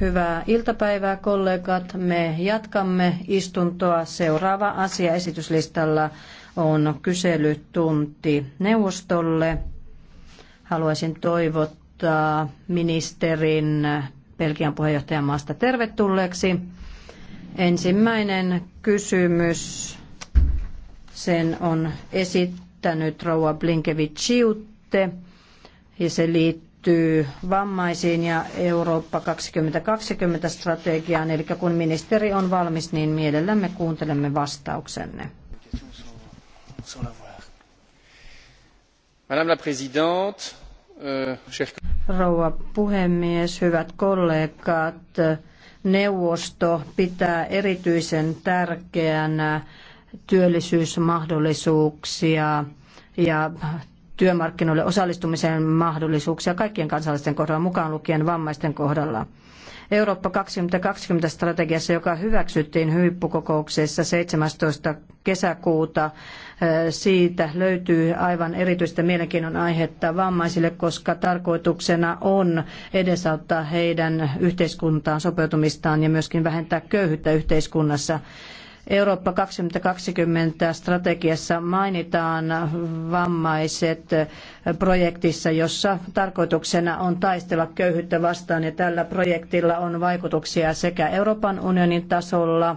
Hyvää iltapäivää kollegat. Me jatkamme istuntoa. Seuraava asia esityslistalla on kyselytunti neuvostolle. Haluaisin toivottaa ministerin Belgian puheenjohtajan maasta tervetulleeksi. Ensimmäinen kysymys, sen on esittänyt rouva Blinkevichiutte ja se liittyy liittyy vammaisiin ja Eurooppa 2020 strategiaan. Eli kun ministeri on valmis, niin mielellämme kuuntelemme vastauksenne. Madame la Présidente, euh, Rouva puhemies, hyvät kollegat, neuvosto pitää erityisen tärkeänä työllisyysmahdollisuuksia ja työmarkkinoille osallistumisen mahdollisuuksia kaikkien kansalaisten kohdalla, mukaan lukien vammaisten kohdalla. Eurooppa 2020 strategiassa, joka hyväksyttiin huippukokouksessa 17. kesäkuuta, siitä löytyy aivan erityistä mielenkiinnon aihetta vammaisille, koska tarkoituksena on edesauttaa heidän yhteiskuntaan sopeutumistaan ja myöskin vähentää köyhyyttä yhteiskunnassa. Eurooppa 2020 strategiassa mainitaan vammaiset projektissa, jossa tarkoituksena on taistella köyhyyttä vastaan ja tällä projektilla on vaikutuksia sekä Euroopan unionin tasolla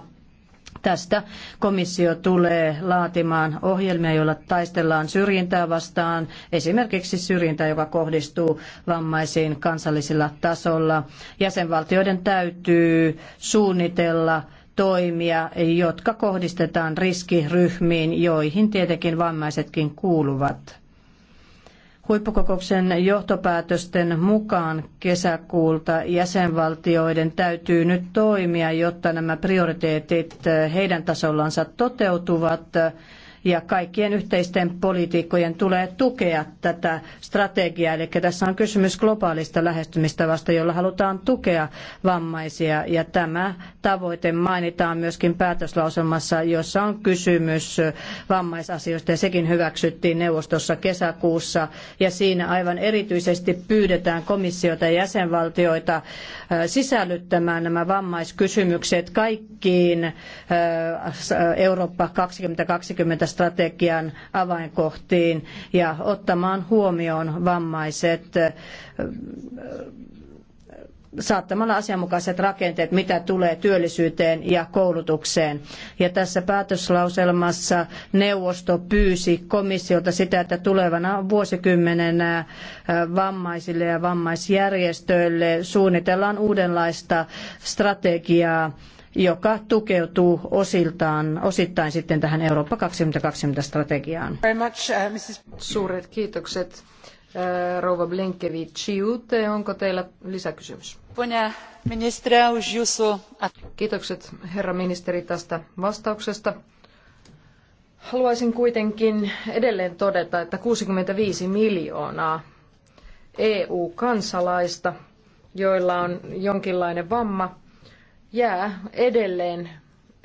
Tästä komissio tulee laatimaan ohjelmia, joilla taistellaan syrjintää vastaan, esimerkiksi syrjintää, joka kohdistuu vammaisiin kansallisella tasolla. Jäsenvaltioiden täytyy suunnitella toimia, jotka kohdistetaan riskiryhmiin, joihin tietenkin vammaisetkin kuuluvat. Huippukokouksen johtopäätösten mukaan kesäkuulta jäsenvaltioiden täytyy nyt toimia, jotta nämä prioriteetit heidän tasollansa toteutuvat ja kaikkien yhteisten poliitikkojen tulee tukea tätä strategiaa. Eli tässä on kysymys globaalista lähestymistavasta, jolla halutaan tukea vammaisia ja tämä tavoite mainitaan myöskin päätöslauselmassa, jossa on kysymys vammaisasioista ja sekin hyväksyttiin neuvostossa kesäkuussa ja siinä aivan erityisesti pyydetään komissiota ja jäsenvaltioita äh, sisällyttämään nämä vammaiskysymykset kaikkiin äh, Eurooppa 2020 strategian avainkohtiin ja ottamaan huomioon vammaiset saattamalla asianmukaiset rakenteet, mitä tulee työllisyyteen ja koulutukseen. Ja tässä päätöslauselmassa neuvosto pyysi komissiolta sitä, että tulevana vuosikymmenenä vammaisille ja vammaisjärjestöille suunnitellaan uudenlaista strategiaa joka tukeutuu osiltaan, osittain sitten tähän Eurooppa 2020-strategiaan. Uh, Suuret kiitokset. Uh, rouva Blinkevičiute, onko teillä lisäkysymys? Kiitokset herra ministeri tästä vastauksesta. Haluaisin kuitenkin edelleen todeta, että 65 miljoonaa EU-kansalaista, joilla on jonkinlainen vamma, jää edelleen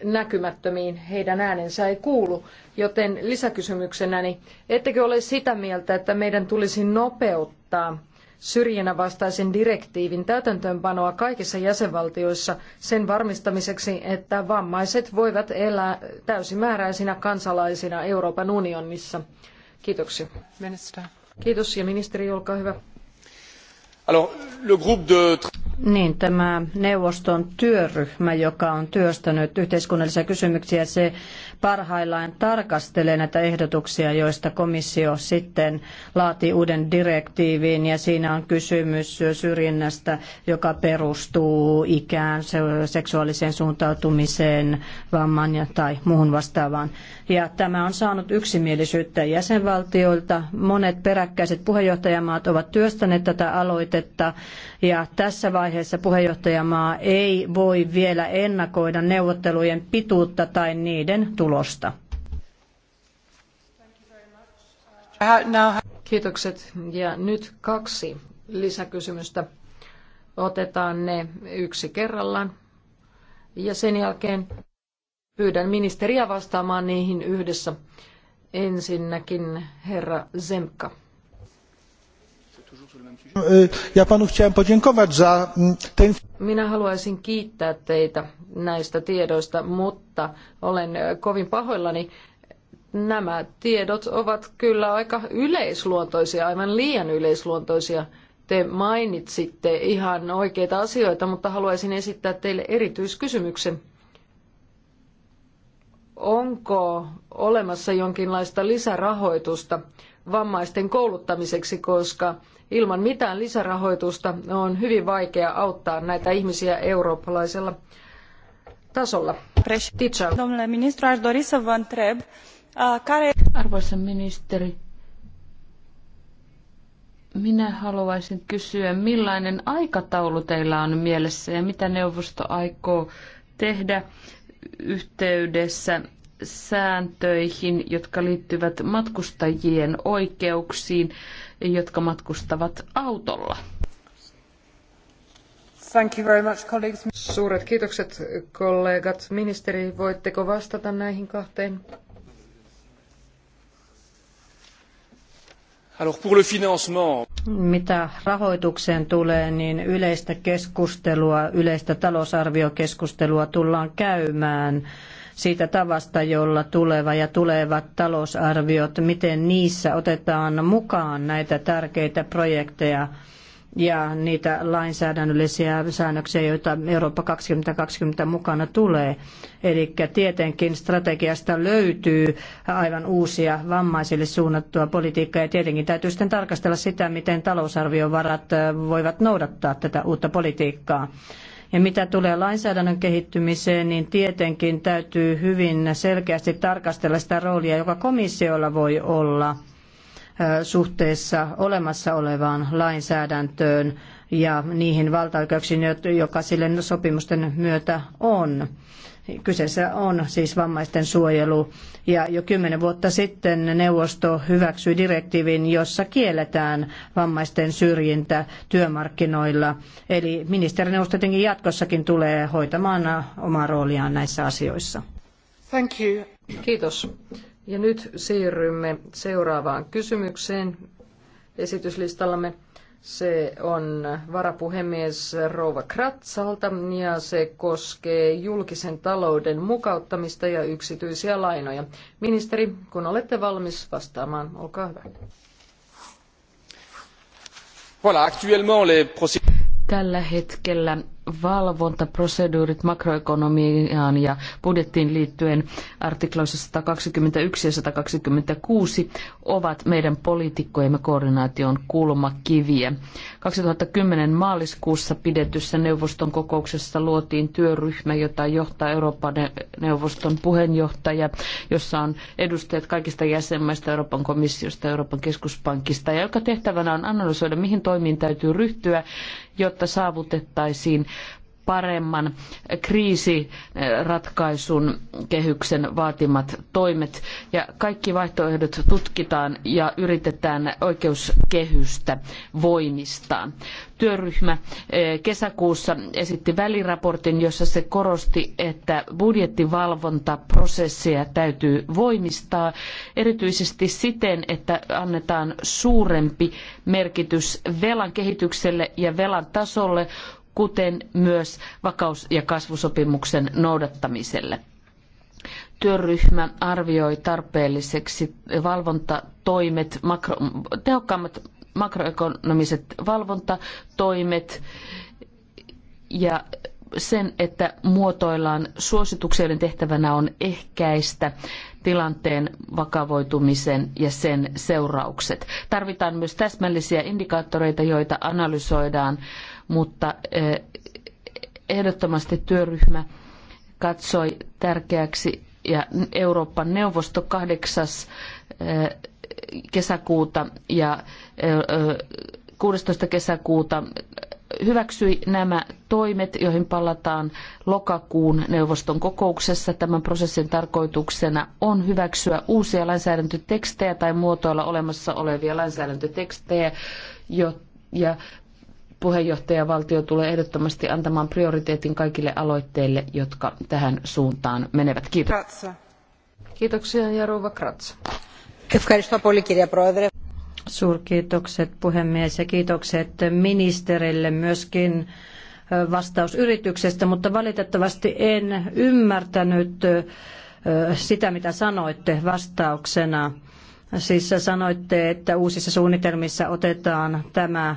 näkymättömiin, heidän äänensä ei kuulu. Joten lisäkysymyksenäni, ettekö ole sitä mieltä, että meidän tulisi nopeuttaa syrjinnän vastaisen direktiivin täytäntöönpanoa kaikissa jäsenvaltioissa sen varmistamiseksi, että vammaiset voivat elää täysimääräisinä kansalaisina Euroopan unionissa? Kiitoksia. Minister. Kiitos ja ministeri, olkaa hyvä. Niin, tämä neuvoston työryhmä, joka on työstänyt yhteiskunnallisia kysymyksiä, se parhaillaan tarkastelee näitä ehdotuksia, joista komissio sitten laati uuden direktiivin ja siinä on kysymys syrjinnästä, joka perustuu ikään, seksuaaliseen suuntautumiseen, vammaan tai muuhun vastaavaan. Ja tämä on saanut yksimielisyyttä jäsenvaltioilta. Monet peräkkäiset puheenjohtajamaat ovat työstäneet tätä aloitetta tavoitetta. Ja tässä vaiheessa puheenjohtajamaa ei voi vielä ennakoida neuvottelujen pituutta tai niiden tulosta. Kiitokset. Ja nyt kaksi lisäkysymystä. Otetaan ne yksi kerrallaan. Ja sen jälkeen pyydän ministeriä vastaamaan niihin yhdessä. Ensinnäkin herra Zemka. Mm, Minä haluaisin kiittää teitä näistä tiedoista, mutta olen e, kovin pahoillani. Nämä tiedot ovat kyllä aika yleisluontoisia, aivan liian yleisluontoisia. Te mainitsitte ihan oikeita asioita, mutta haluaisin esittää teille erityiskysymyksen onko olemassa jonkinlaista lisärahoitusta vammaisten kouluttamiseksi, koska Ilman mitään lisärahoitusta on hyvin vaikea auttaa näitä ihmisiä eurooppalaisella tasolla. Arvoisa ministeri, minä haluaisin kysyä, millainen aikataulu teillä on mielessä ja mitä neuvosto aikoo tehdä yhteydessä sääntöihin, jotka liittyvät matkustajien oikeuksiin jotka matkustavat autolla. Thank you very much, colleagues. Suuret kiitokset kollegat. Ministeri, voitteko vastata näihin kahteen? Alors pour le financement. Mitä rahoitukseen tulee, niin yleistä keskustelua, yleistä talousarviokeskustelua tullaan käymään siitä tavasta, jolla tuleva ja tulevat talousarviot, miten niissä otetaan mukaan näitä tärkeitä projekteja ja niitä lainsäädännöllisiä säännöksiä, joita Eurooppa 2020 mukana tulee. Eli tietenkin strategiasta löytyy aivan uusia vammaisille suunnattua politiikkaa ja tietenkin täytyy sitten tarkastella sitä, miten talousarviovarat voivat noudattaa tätä uutta politiikkaa. Ja mitä tulee lainsäädännön kehittymiseen, niin tietenkin täytyy hyvin selkeästi tarkastella sitä roolia, joka komissiolla voi olla suhteessa olemassa olevaan lainsäädäntöön ja niihin valtaoikeuksiin, joka sille sopimusten myötä on. Kyseessä on siis vammaisten suojelu. Ja jo kymmenen vuotta sitten neuvosto hyväksyi direktiivin, jossa kielletään vammaisten syrjintä työmarkkinoilla. Eli ministerineuvosto tietenkin jatkossakin tulee hoitamaan omaa rooliaan näissä asioissa. Thank you. Kiitos. Ja nyt siirrymme seuraavaan kysymykseen esityslistallamme. Se on varapuhemies Rouva Kratsalta ja se koskee julkisen talouden mukauttamista ja yksityisiä lainoja. Ministeri, kun olette valmis vastaamaan, olkaa hyvä. Tällä hetkellä valvontaproseduurit makroekonomiaan ja budjettiin liittyen artikloissa 121 ja 126 ovat meidän poliitikkojemme koordinaation kulmakiviä. 2010 maaliskuussa pidetyssä neuvoston kokouksessa luotiin työryhmä, jota johtaa Euroopan neuvoston puheenjohtaja, jossa on edustajat kaikista jäsenmaista, Euroopan komissiosta, Euroopan keskuspankista, ja joka tehtävänä on analysoida, mihin toimiin täytyy ryhtyä, jotta saavutettaisiin paremman kriisiratkaisun kehyksen vaatimat toimet. Ja kaikki vaihtoehdot tutkitaan ja yritetään oikeuskehystä voimistaa. Työryhmä eh, kesäkuussa esitti väliraportin, jossa se korosti, että budjettivalvontaprosessia täytyy voimistaa erityisesti siten, että annetaan suurempi merkitys velan kehitykselle ja velan tasolle, kuten myös vakaus- ja kasvusopimuksen noudattamiselle. Työryhmä arvioi tarpeelliseksi valvontatoimet, makro, tehokkaammat makroekonomiset valvontatoimet ja sen, että muotoillaan suosituksia, joiden tehtävänä on ehkäistä tilanteen vakavoitumisen ja sen seuraukset. Tarvitaan myös täsmällisiä indikaattoreita, joita analysoidaan mutta ehdottomasti työryhmä katsoi tärkeäksi ja Euroopan neuvosto 8. kesäkuuta ja 16. kesäkuuta hyväksyi nämä toimet, joihin palataan lokakuun neuvoston kokouksessa. Tämän prosessin tarkoituksena on hyväksyä uusia lainsäädäntötekstejä tai muotoilla olemassa olevia lainsäädäntötekstejä, ja Puheenjohtajavaltio tulee ehdottomasti antamaan prioriteetin kaikille aloitteille, jotka tähän suuntaan menevät. Kiitos. Kratsa. Kiitoksia, Jaruva Kratsa. Suurkiitokset puhemies ja kiitokset ministerille myöskin vastausyrityksestä, mutta valitettavasti en ymmärtänyt sitä, mitä sanoitte vastauksena Siis sanoitte, että uusissa suunnitelmissa otetaan tämä äh,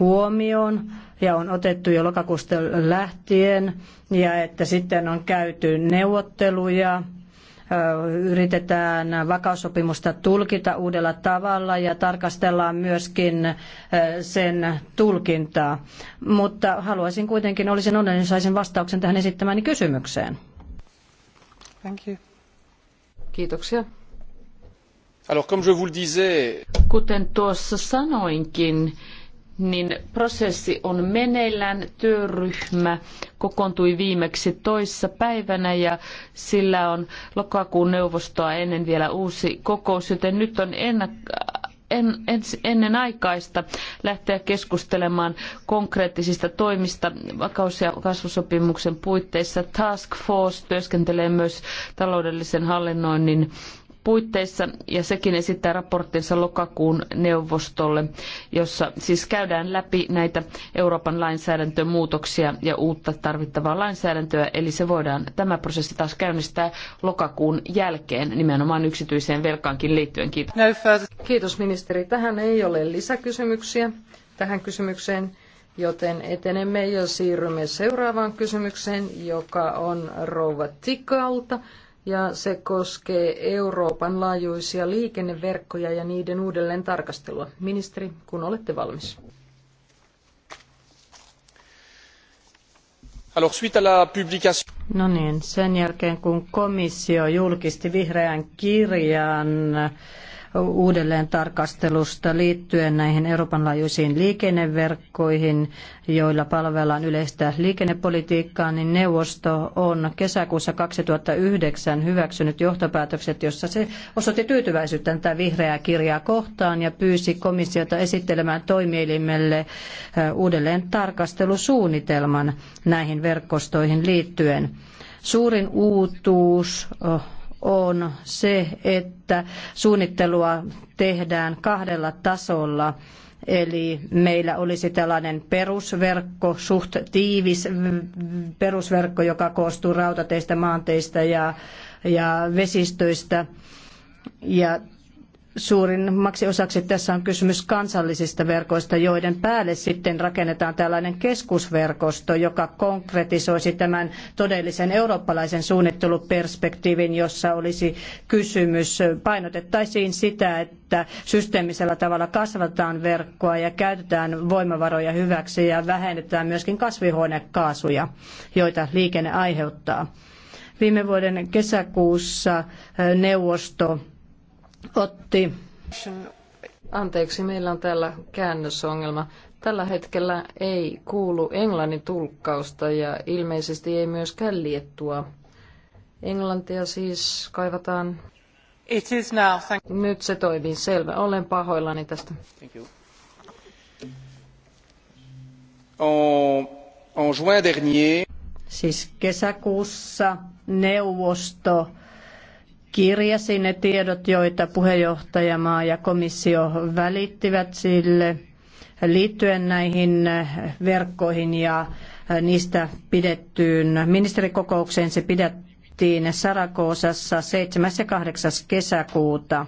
huomioon ja on otettu jo lokakuusta lähtien ja että sitten on käyty neuvotteluja äh, yritetään vakaussopimusta tulkita uudella tavalla ja tarkastellaan myöskin äh, sen tulkintaa. Mutta haluaisin kuitenkin, olisin onnellinen, jos saisin vastauksen tähän esittämäni kysymykseen. Thank you. Kiitoksia. Kuten tuossa sanoinkin, niin prosessi on meneillään. Työryhmä kokoontui viimeksi toissa päivänä ja sillä on lokakuun neuvostoa ennen vielä uusi kokous, joten nyt on ennak- en, ennen aikaista lähteä keskustelemaan konkreettisista toimista vakaus- ja kasvusopimuksen puitteissa. Task Force työskentelee myös taloudellisen hallinnoinnin puitteissa ja sekin esittää raporttinsa lokakuun neuvostolle, jossa siis käydään läpi näitä Euroopan lainsäädäntömuutoksia ja uutta tarvittavaa lainsäädäntöä. Eli se voidaan tämä prosessi taas käynnistää lokakuun jälkeen nimenomaan yksityiseen velkaankin liittyen. Kiitos. No Kiitos ministeri. Tähän ei ole lisäkysymyksiä tähän kysymykseen. Joten etenemme ja siirrymme seuraavaan kysymykseen, joka on rouva Tikalta ja se koskee Euroopan laajuisia liikenneverkkoja ja niiden uudelleen tarkastelua. Ministeri, kun olette valmis. No niin, sen jälkeen kun komissio julkisti vihreän kirjan uudelleen tarkastelusta liittyen näihin Euroopan laajuisiin liikenneverkkoihin, joilla palvellaan yleistä liikennepolitiikkaa, niin neuvosto on kesäkuussa 2009 hyväksynyt johtopäätökset, jossa se osoitti tyytyväisyyttä tätä vihreää kirjaa kohtaan ja pyysi komissiota esittelemään toimielimelle eh, uudelleen tarkastelusuunnitelman näihin verkostoihin liittyen. Suurin uutuus oh, on se, että suunnittelua tehdään kahdella tasolla. Eli meillä olisi tällainen perusverkko, suht tiivis perusverkko, joka koostuu rautateistä, maanteista ja, ja vesistöistä. Ja suurimmaksi osaksi tässä on kysymys kansallisista verkoista, joiden päälle sitten rakennetaan tällainen keskusverkosto, joka konkretisoisi tämän todellisen eurooppalaisen suunnitteluperspektiivin, jossa olisi kysymys, painotettaisiin sitä, että systeemisellä tavalla kasvatetaan verkkoa ja käytetään voimavaroja hyväksi ja vähennetään myöskin kasvihuonekaasuja, joita liikenne aiheuttaa. Viime vuoden kesäkuussa eh, neuvosto otti. Anteeksi, meillä on täällä käännösongelma. Tällä hetkellä ei kuulu englannin tulkkausta ja ilmeisesti ei myöskään liettua. Englantia siis kaivataan. It is now, thank Nyt se toimii selvä. Olen pahoillani tästä. Thank you. En, en juin dernier. Siis kesäkuussa neuvosto Kirjasi ne tiedot, joita puheenjohtajamaa ja komissio välittivät sille liittyen näihin verkkoihin ja niistä pidettyyn ministerikokoukseen. Se pidettiin Sarakoosassa 7. ja 8. kesäkuuta.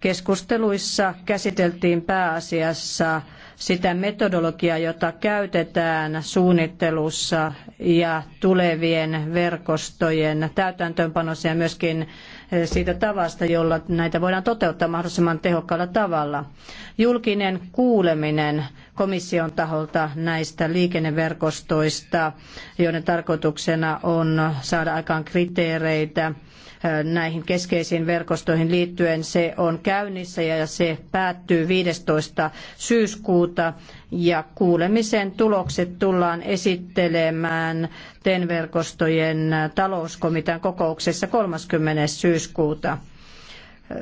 Keskusteluissa käsiteltiin pääasiassa sitä metodologiaa, jota käytetään suunnittelussa ja tulevien verkostojen täytäntöönpanossa ja myöskin Eh, siitä tavasta, jolla näitä voidaan toteuttaa mahdollisimman tehokkaalla tavalla. Julkinen kuuleminen komission taholta näistä liikenneverkostoista, joiden tarkoituksena on saada aikaan kriteereitä näihin keskeisiin verkostoihin liittyen. Se on käynnissä ja se päättyy 15. syyskuuta ja kuulemisen tulokset tullaan esittelemään TEN-verkostojen talouskomitean kokouksessa 30. syyskuuta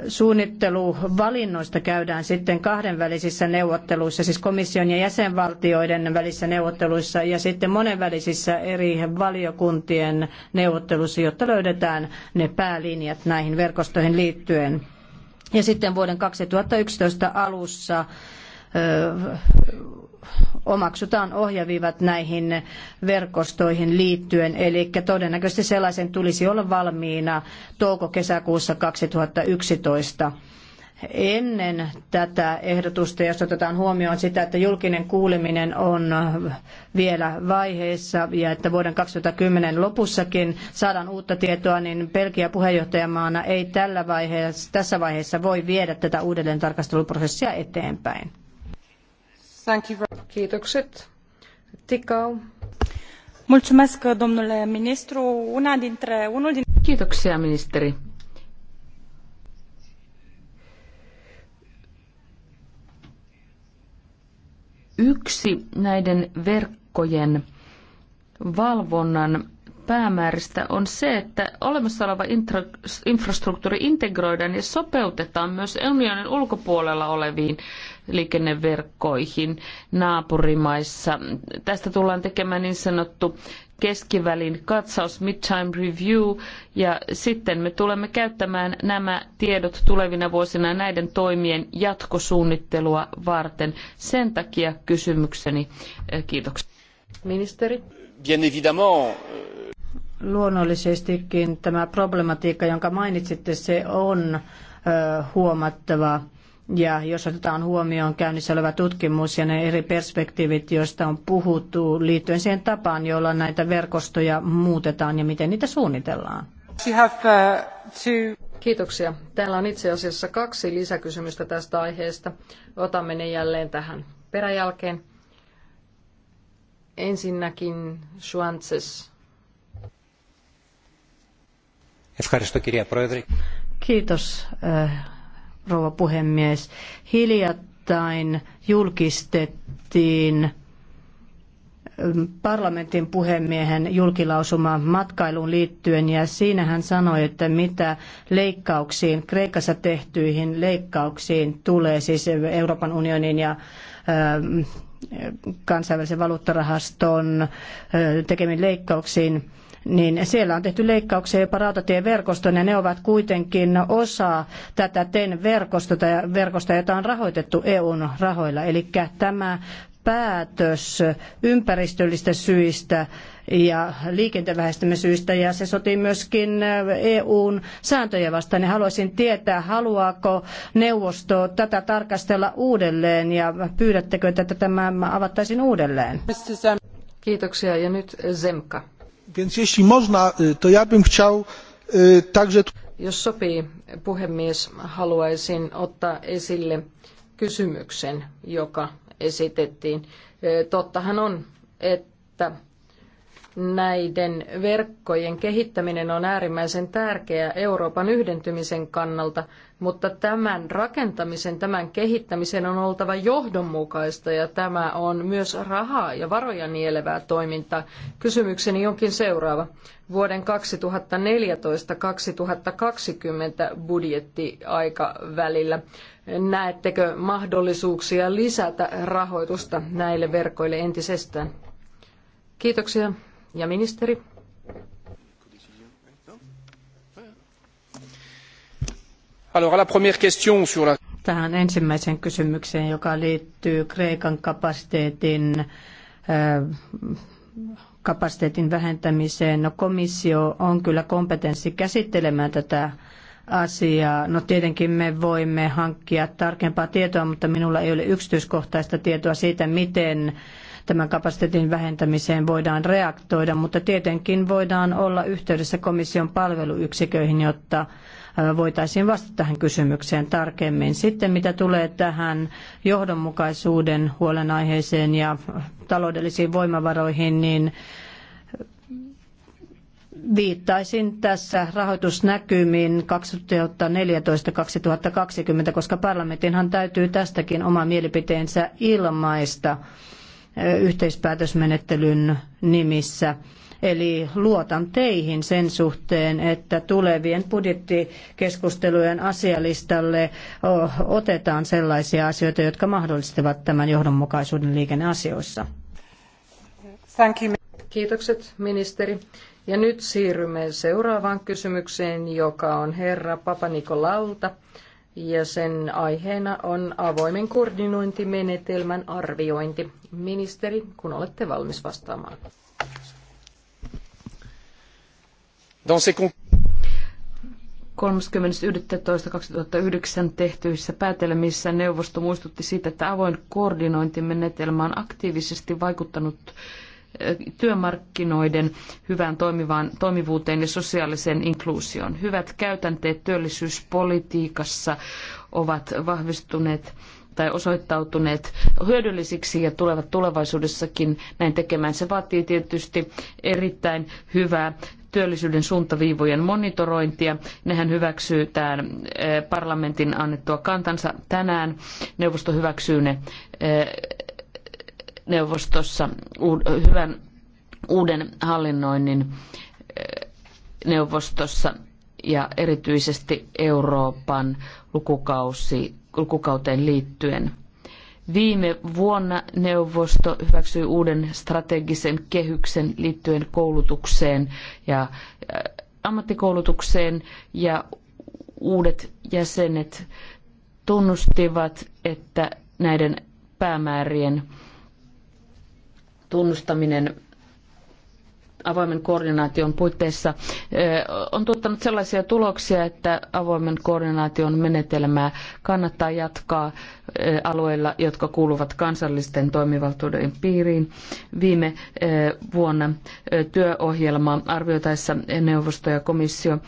suunnitteluvalinnoista käydään sitten kahdenvälisissä neuvotteluissa, siis komission ja jäsenvaltioiden välissä neuvotteluissa ja sitten monenvälisissä eri valiokuntien neuvotteluissa, jotta löydetään ne päälinjat näihin verkostoihin liittyen. Ja sitten vuoden 2011 alussa omaksutaan ohjaviivat näihin verkostoihin liittyen, eli todennäköisesti sellaisen tulisi olla valmiina touko-kesäkuussa 2011 ennen tätä ehdotusta, jos otetaan huomioon sitä, että julkinen kuuleminen on vielä vaiheessa ja että vuoden 2010 lopussakin saadaan uutta tietoa, niin Belgia puheenjohtajamaana ei tällä vaiheessa, tässä vaiheessa voi viedä tätä uudelleen tarkasteluprosessia eteenpäin. Kiitoksia, ministeri. Yksi näiden verkkojen valvonnan päämääristä on se, että olemassa oleva infrastruktuuri integroidaan ja sopeutetaan myös unionin ulkopuolella oleviin liikenneverkkoihin naapurimaissa. Tästä tullaan tekemään niin sanottu keskivälin katsaus, midtime review, ja sitten me tulemme käyttämään nämä tiedot tulevina vuosina näiden toimien jatkosuunnittelua varten. Sen takia kysymykseni. Kiitoksia. Ministeri? Bien évidemment. Luonnollisestikin tämä problematiikka, jonka mainitsitte, se on huomattava ja jos otetaan huomioon käynnissä oleva tutkimus ja ne eri perspektiivit, joista on puhuttu liittyen siihen tapaan, jolla näitä verkostoja muutetaan ja miten niitä suunnitellaan. Uh, Kiitoksia. Täällä on itse asiassa kaksi lisäkysymystä tästä aiheesta. Otamme ne jälleen tähän peräjälkeen. Ensinnäkin Schwanzes. Kiitos äh, rouva puhemies. Hiljattain julkistettiin ähm, parlamentin puhemiehen julkilausuma matkailuun liittyen ja siinä hän sanoi, että mitä leikkauksiin, Kreikassa tehtyihin leikkauksiin tulee siis Euroopan unionin ja ähm, kansainvälisen valuuttarahaston äh, tekemiin leikkauksiin, niin siellä on tehty leikkauksia jopa rautatieverkostoon ja ne ovat kuitenkin osa tätä TEN-verkostota, verkosta, jota on rahoitettu EUn rahoilla. Eli tämä päätös ympäristöllistä syistä ja liikenteen syistä ja se sotii myöskin EUn sääntöjä vastaan. Niin haluaisin tietää, haluaako neuvosto tätä tarkastella uudelleen ja pyydättekö, että tämä avattaisiin uudelleen? Kiitoksia ja nyt Zemka. Więc jeśli można, to ja bym chciał także... Jos sopii, puhemies, haluaisin ottaa esille kysymyksen, joka esitettiin. Tottahan on, että näiden verkkojen kehittäminen on äärimmäisen tärkeää Euroopan yhdentymisen kannalta, mutta tämän rakentamisen, tämän kehittämisen on oltava johdonmukaista ja tämä on myös rahaa ja varoja nielevää toimintaa. Kysymykseni onkin seuraava. Vuoden 2014-2020 budjettiaikavälillä näettekö mahdollisuuksia lisätä rahoitusta näille verkoille entisestään? Kiitoksia. Ja ministeri? Tähän ensimmäiseen kysymykseen, joka liittyy Kreikan kapasiteetin kapasiteetin vähentämiseen. No komissio on kyllä kompetenssi käsittelemään tätä asiaa. No tietenkin me voimme hankkia tarkempaa tietoa, mutta minulla ei ole yksityiskohtaista tietoa siitä, miten tämän kapasiteetin vähentämiseen voidaan reaktoida, mutta tietenkin voidaan olla yhteydessä komission palveluyksiköihin, jotta voitaisiin vastata tähän kysymykseen tarkemmin. Sitten mitä tulee tähän johdonmukaisuuden huolenaiheeseen ja taloudellisiin voimavaroihin, niin viittaisin tässä rahoitusnäkymiin 2014-2020, koska parlamentinhan täytyy tästäkin oma mielipiteensä ilmaista yhteispäätösmenettelyn nimissä. Eli luotan teihin sen suhteen, että tulevien budjettikeskustelujen asialistalle otetaan sellaisia asioita, jotka mahdollistavat tämän johdonmukaisuuden liikenneasioissa. Thank you. Kiitokset ministeri. Ja nyt siirrymme seuraavaan kysymykseen, joka on herra Nikolaulta ja sen aiheena on avoimen koordinointimenetelmän arviointi. Ministeri, kun olette valmis vastaamaan. Dans ces 31.11.2009 tehtyissä päätelmissä neuvosto muistutti siitä, että avoin koordinointimenetelmä on aktiivisesti vaikuttanut työmarkkinoiden hyvään toimivaan, toimivuuteen ja sosiaaliseen inkluusioon. Hyvät käytänteet työllisyyspolitiikassa ovat vahvistuneet tai osoittautuneet hyödyllisiksi ja tulevat tulevaisuudessakin näin tekemään. Se vaatii tietysti erittäin hyvää työllisyyden suuntaviivojen monitorointia. Nehän hyväksyy tämän eh, parlamentin annettua kantansa tänään. Neuvosto hyväksyy ne eh, neuvostossa hyvän uuden hallinnoinnin eh, neuvostossa ja erityisesti Euroopan lukukausi, lukukauteen liittyen. Viime vuonna neuvosto hyväksyi uuden strategisen kehyksen liittyen koulutukseen ja eh, ammattikoulutukseen ja uudet jäsenet tunnustivat, että näiden päämäärien tunnustaminen avoimen koordinaation puitteissa on tuottanut sellaisia tuloksia, että avoimen koordinaation menetelmää kannattaa jatkaa alueilla, jotka kuuluvat kansallisten toimivaltuuden piiriin. Viime vuonna työohjelmaa arvioitaessa neuvosto ja komissio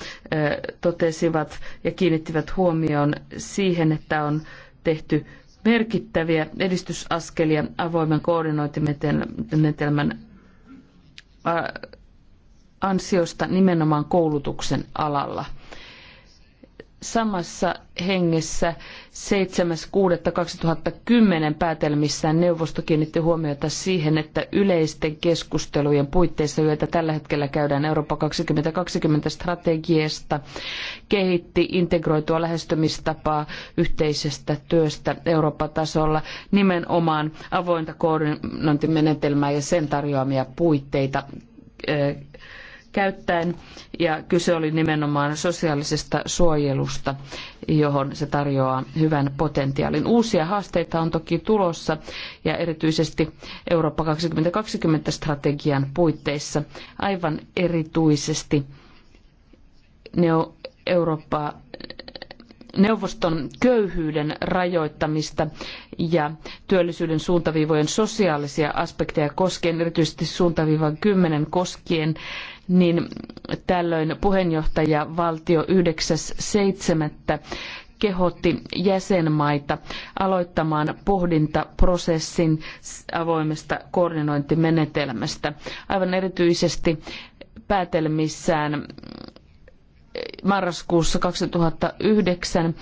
totesivat ja kiinnittivät huomioon siihen, että on tehty merkittäviä edistysaskelia avoimen koordinointimetelmän äh, ansiosta nimenomaan koulutuksen alalla – samassa hengessä 7.6.2010 päätelmissään neuvosto kiinnitti huomiota siihen, että yleisten keskustelujen puitteissa, joita tällä hetkellä käydään Eurooppa 2020 strategiasta, kehitti integroitua lähestymistapaa yhteisestä työstä Euroopan tasolla nimenomaan avointa koordinointimenetelmää ja sen tarjoamia puitteita eh, käyttäen. Ja kyse oli nimenomaan sosiaalisesta suojelusta, johon se tarjoaa hyvän potentiaalin. Uusia haasteita on toki tulossa ja erityisesti Eurooppa 2020-strategian puitteissa aivan erityisesti ne Eurooppaa neuvoston köyhyyden rajoittamista ja työllisyyden suuntaviivojen sosiaalisia aspekteja koskien, erityisesti suuntaviivan 10 koskien, niin tällöin puheenjohtaja valtio 9.7. kehotti jäsenmaita aloittamaan pohdintaprosessin avoimesta koordinointimenetelmästä. Aivan erityisesti päätelmissään marraskuussa 2009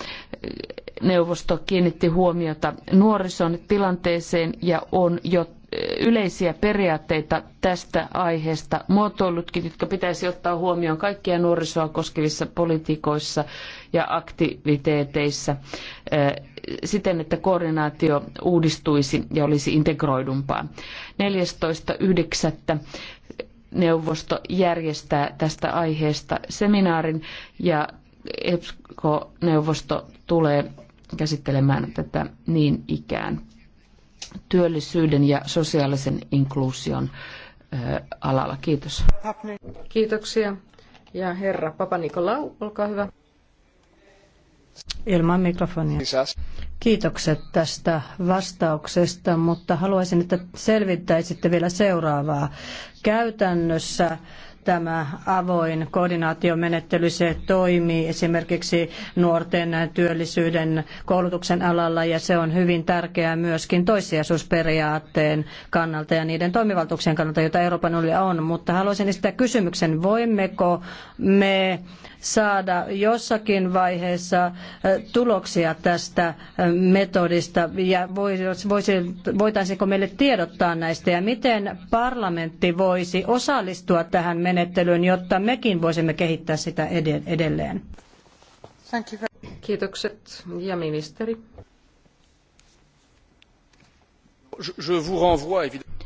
neuvosto kiinnitti huomiota nuorison tilanteeseen ja on jo eh, yleisiä periaatteita tästä aiheesta muotoillutkin, jotka pitäisi ottaa huomioon kaikkia nuorisoa koskevissa politiikoissa ja aktiviteeteissa eh, siten, että koordinaatio uudistuisi ja olisi integroidumpaa. 14.9 neuvosto järjestää tästä aiheesta seminaarin ja EPSCO-neuvosto tulee käsittelemään tätä niin ikään työllisyyden ja sosiaalisen inkluusion alalla. Kiitos. Kiitoksia. Ja herra Papa Nikolau, olkaa hyvä ilman mikrofonia. Kiitokset tästä vastauksesta, mutta haluaisin, että selvittäisitte vielä seuraavaa. Käytännössä tämä avoin koordinaatiomenettely, se toimii esimerkiksi nuorten työllisyyden koulutuksen alalla ja se on hyvin tärkeää myöskin toissijaisuusperiaatteen kannalta ja niiden toimivaltuuksien kannalta, joita Euroopan unionilla on. Mutta haluaisin esittää kysymyksen, voimmeko me saada jossakin vaiheessa äh, tuloksia tästä äh, metodista ja voitaisiinko meille tiedottaa näistä ja miten parlamentti voisi osallistua tähän menettelyyn, jotta mekin voisimme kehittää sitä edelleen. Kiitokset ja ministeri. Je vous renvoie évidemment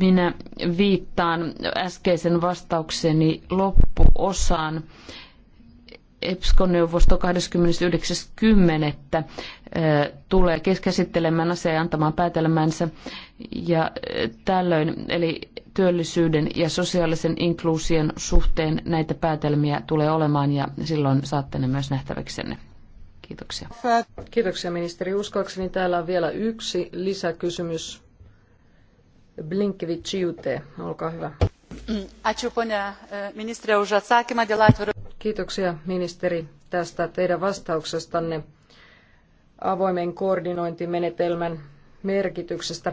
minä viittaan äskeisen vastaukseni loppuosaan. EPSCO-neuvosto 29.10. tulee käsittelemään asiaa ja antamaan päätelmänsä. Ja tällöin, eli työllisyyden ja sosiaalisen inkluusion suhteen näitä päätelmiä tulee olemaan ja silloin saatte ne myös nähtäväksenne. Kiitoksia. Kiitoksia ministeri. Uskoakseni täällä on vielä yksi lisäkysymys Blinkevičiute, olkaa hyvä. E, Kiitoksia ministeri tästä teidän vastauksestanne avoimen koordinointimenetelmän merkityksestä.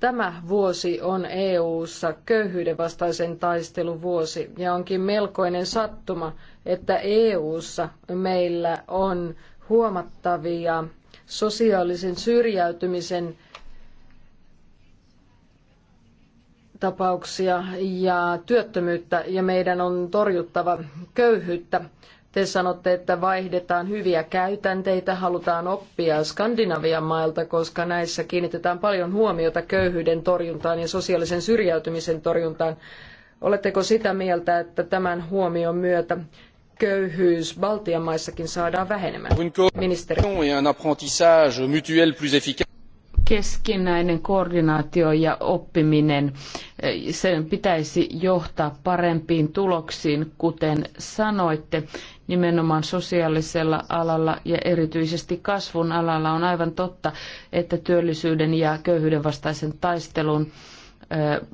Tämä vuosi on EU:ssa köyhyyden vastaisen taistelun vuosi ja onkin melkoinen sattuma, että EU:ssa meillä on huomattavia sosiaalisen syrjäytymisen tapauksia ja työttömyyttä ja meidän on torjuttava köyhyyttä. Te sanotte, että vaihdetaan hyviä käytänteitä, halutaan oppia Skandinavian mailta, koska näissä kiinnitetään paljon huomiota köyhyyden torjuntaan ja sosiaalisen syrjäytymisen torjuntaan. Oletteko sitä mieltä, että tämän huomion myötä köyhyys Baltian maissakin saadaan vähenemään? Ministeri keskinäinen koordinaatio ja oppiminen, eh, sen pitäisi johtaa parempiin tuloksiin, kuten sanoitte. Nimenomaan sosiaalisella alalla ja erityisesti kasvun alalla on aivan totta, että työllisyyden ja köyhyyden vastaisen taistelun eh,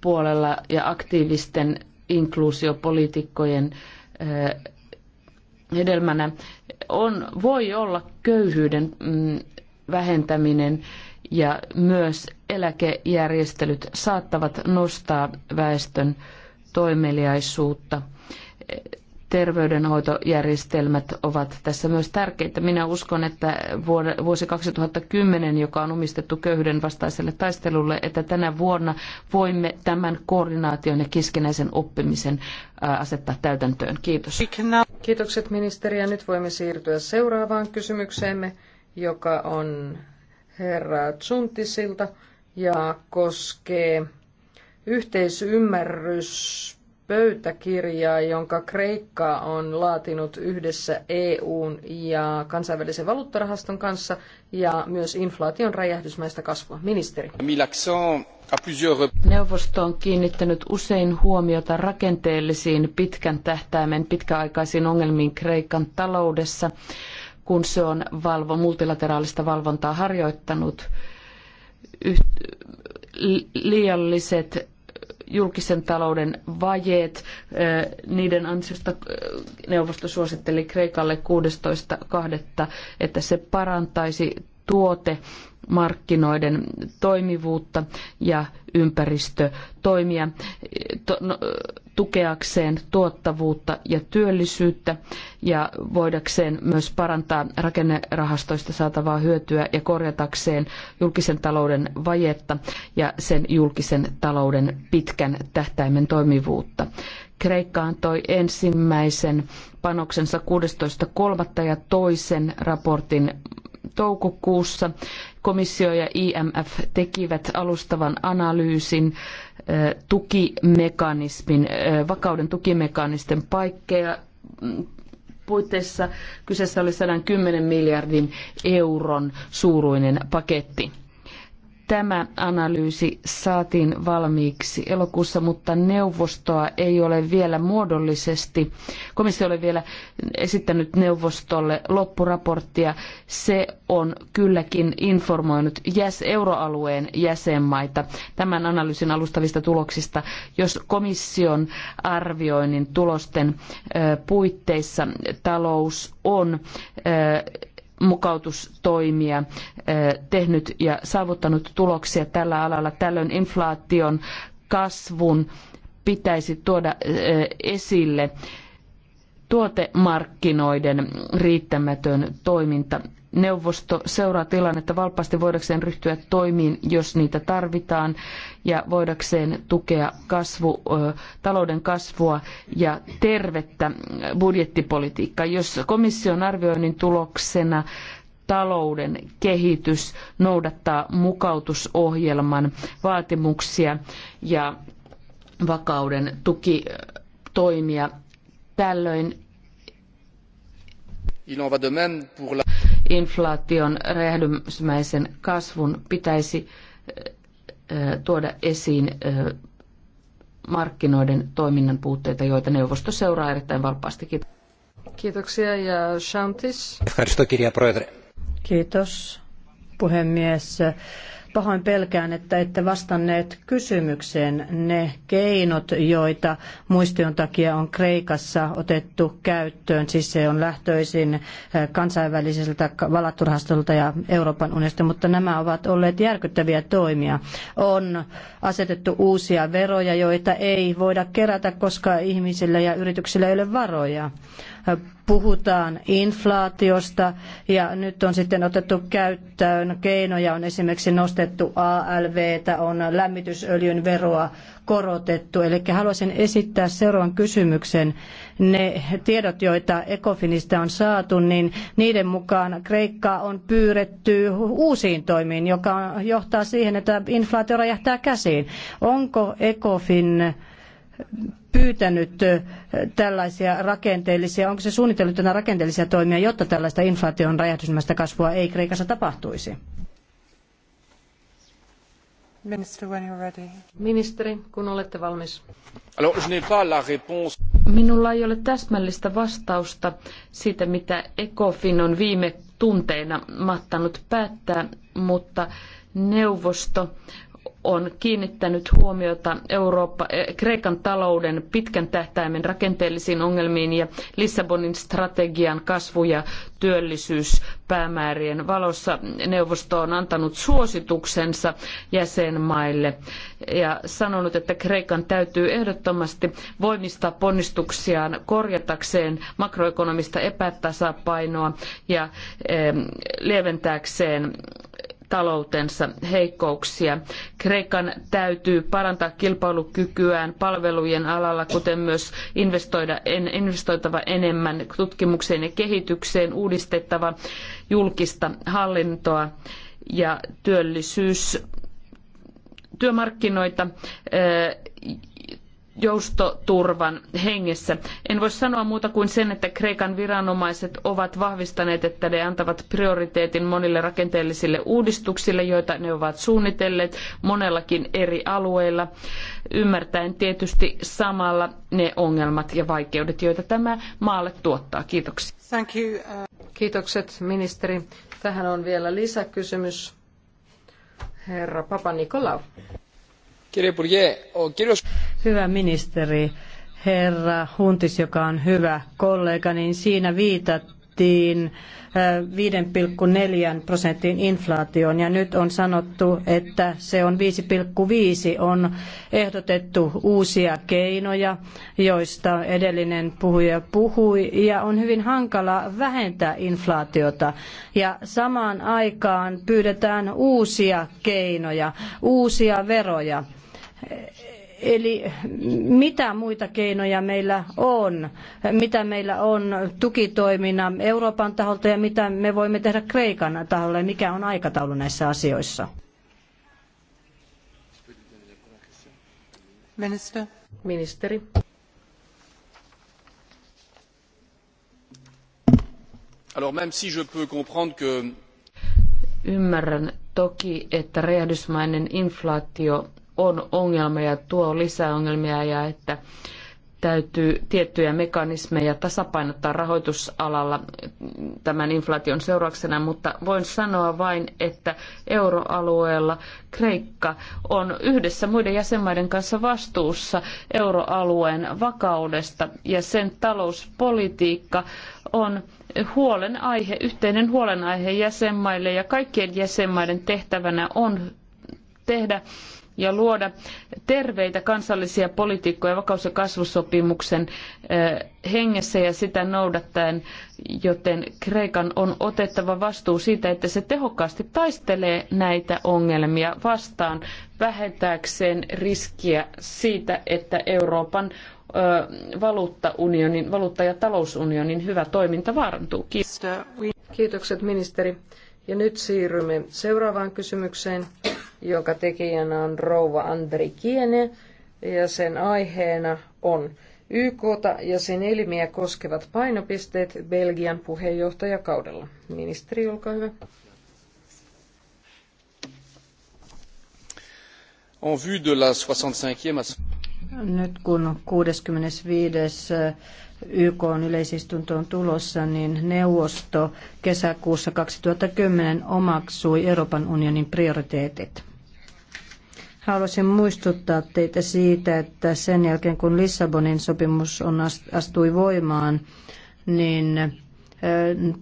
puolella ja aktiivisten inkluusiopolitiikkojen eh, hedelmänä on, voi olla köyhyyden mm, vähentäminen ja myös eläkejärjestelyt saattavat nostaa väestön toimeliaisuutta. Terveydenhoitojärjestelmät ovat tässä myös tärkeitä. Minä uskon, että vuosi 2010, joka on omistettu köyhyyden vastaiselle taistelulle, että tänä vuonna voimme tämän koordinaation ja keskinäisen oppimisen asettaa täytäntöön. Kiitos. Kiitokset ministeri ja nyt voimme siirtyä seuraavaan kysymykseemme, joka on herra Tsuntisilta ja koskee yhteisymmärrys pöytäkirjaa, jonka Kreikka on laatinut yhdessä EUn ja kansainvälisen valuuttarahaston kanssa ja myös inflaation räjähdysmäistä kasvua. Ministeri. Neuvosto on kiinnittänyt usein huomiota rakenteellisiin pitkän tähtäimen pitkäaikaisiin ongelmiin Kreikan taloudessa kun se on valvo, multilateraalista valvontaa harjoittanut. Yht, liialliset julkisen talouden vajeet. Niiden ansiosta neuvosto suositteli Kreikalle 16.2., että se parantaisi tuote markkinoiden toimivuutta ja ympäristötoimia. To, no, tukeakseen tuottavuutta ja työllisyyttä ja voidakseen myös parantaa rakennerahastoista saatavaa hyötyä ja korjatakseen julkisen talouden vajetta ja sen julkisen talouden pitkän tähtäimen toimivuutta. Kreikka antoi ensimmäisen panoksensa 16.3. ja toisen raportin toukokuussa komissio ja IMF tekivät alustavan analyysin tukimekanismin, vakauden tukimekanismin paikkeja puitteissa kyseessä oli 110 miljardin euron suuruinen paketti. Tämä analyysi saatiin valmiiksi elokuussa, mutta neuvostoa ei ole vielä muodollisesti, komissio ei ole vielä esittänyt neuvostolle loppuraporttia. Se on kylläkin informoinut jäs, euroalueen jäsenmaita tämän analyysin alustavista tuloksista, jos komission arvioinnin tulosten puitteissa talous on mukautustoimia eh, tehnyt ja saavuttanut tuloksia tällä alalla. Tällöin inflaation kasvun pitäisi tuoda eh, esille tuotemarkkinoiden riittämätön toiminta Neuvosto seuraa tilannetta valppaasti voidakseen ryhtyä toimiin, jos niitä tarvitaan, ja voidakseen tukea kasvu, talouden kasvua ja tervettä budjettipolitiikkaa. Jos komission arvioinnin tuloksena talouden kehitys noudattaa mukautusohjelman vaatimuksia ja vakauden tukitoimia. Tällöin inflaation räjähdysmäisen kasvun pitäisi tuoda esiin markkinoiden toiminnan puutteita, joita neuvosto seuraa erittäin valppaasti. Kiitoksia ja Shantis. Kiitos puhemies. Pahoin pelkään, että ette vastanneet kysymykseen ne keinot, joita muistion takia on Kreikassa otettu käyttöön. Siis se on lähtöisin eh, kansainväliseltä valatturhastolta ja Euroopan unionista, mutta nämä ovat olleet järkyttäviä toimia. On asetettu uusia veroja, joita ei voida kerätä, koska ihmisillä ja yrityksillä ei ole varoja puhutaan inflaatiosta ja nyt on sitten otettu käyttöön keinoja, on esimerkiksi nostettu ALVtä, on lämmitysöljyn veroa korotettu. Eli haluaisin esittää seuraavan kysymyksen. Ne tiedot, joita Ecofinista on saatu, niin niiden mukaan Kreikka on pyydetty uusiin toimiin, joka johtaa siihen, että inflaatio räjähtää käsiin. Onko Ecofin pyytänyt tällaisia rakenteellisia, onko se suunnitellut jotain rakenteellisia toimia, jotta tällaista inflaation räjähdysmäistä kasvua ei Kreikassa tapahtuisi? Ministeri, kun olette valmis. Minulla ei ole täsmällistä vastausta siitä, mitä ECOFIN on viime tunteina mattanut päättää, mutta neuvosto on kiinnittänyt huomiota Eurooppa, eh, Kreikan talouden pitkän tähtäimen rakenteellisiin ongelmiin ja Lissabonin strategian kasvu- ja työllisyyspäämäärien valossa. Neuvosto on antanut suosituksensa jäsenmaille ja sanonut, että Kreikan täytyy ehdottomasti voimistaa ponnistuksiaan korjatakseen makroekonomista epätasapainoa ja eh, lieventääkseen taloutensa heikkouksia. Kreikan täytyy parantaa kilpailukykyään palvelujen alalla, kuten myös investoida, investoitava enemmän tutkimukseen ja kehitykseen, uudistettava julkista hallintoa ja työllisyys työmarkkinoita joustoturvan hengessä. En voi sanoa muuta kuin sen, että Kreikan viranomaiset ovat vahvistaneet, että ne antavat prioriteetin monille rakenteellisille uudistuksille, joita ne ovat suunnitelleet monellakin eri alueilla, ymmärtäen tietysti samalla ne ongelmat ja vaikeudet, joita tämä maalle tuottaa. Kiitoksia. Thank you. Uh, Kiitokset ministeri. Tähän on vielä lisäkysymys. Herra Papa Nikolaou. Kirje Purje, Hyvä ministeri, herra Huntis, joka on hyvä kollega, niin siinä viitattiin 5,4 äh, prosentin inflaatioon ja nyt on sanottu, että se on 5,5. On ehdotettu uusia keinoja, joista edellinen puhuja puhui ja on hyvin hankala vähentää inflaatiota. Ja samaan aikaan pyydetään uusia keinoja, uusia veroja Eli mitä muita keinoja meillä on, mitä meillä on tukitoimina Euroopan taholta ja mitä me voimme tehdä Kreikan taholle, mikä on aikataulu näissä asioissa? Minister. Ministeri. Alors même si je peux comprendre que Ymmärrän toki, että räjähdysmäinen inflaatio on ongelma ja tuo lisää ongelmia ja että täytyy tiettyjä mekanismeja tasapainottaa rahoitusalalla tämän inflaation seurauksena, mutta voin sanoa vain, että euroalueella Kreikka on yhdessä muiden jäsenmaiden kanssa vastuussa euroalueen vakaudesta ja sen talouspolitiikka on huolenaihe, yhteinen huolenaihe jäsenmaille ja kaikkien jäsenmaiden tehtävänä on tehdä ja luoda terveitä kansallisia politiikkoja vakaus- ja kasvusopimuksen hengessä ja sitä noudattaen, joten Kreikan on otettava vastuu siitä, että se tehokkaasti taistelee näitä ongelmia vastaan vähentääkseen riskiä siitä, että Euroopan valuuttaunionin, valuutta- ja talousunionin hyvä toiminta vaarantuu. Kiitokset ministeri. Ja nyt siirrymme seuraavaan kysymykseen. Joka tekijänä on rouva Andri Kiene ja sen aiheena on YKta ja sen elimiä koskevat painopisteet Belgian puheenjohtajakaudella. Ministeri, olkaa hyvä. En vue de la 65 Nyt kun 65. YK on yleisistuntoon tulossa, niin neuvosto kesäkuussa 2010 omaksui Euroopan unionin prioriteetit. Haluaisin muistuttaa teitä siitä, että sen jälkeen kun Lissabonin sopimus on astui voimaan, niin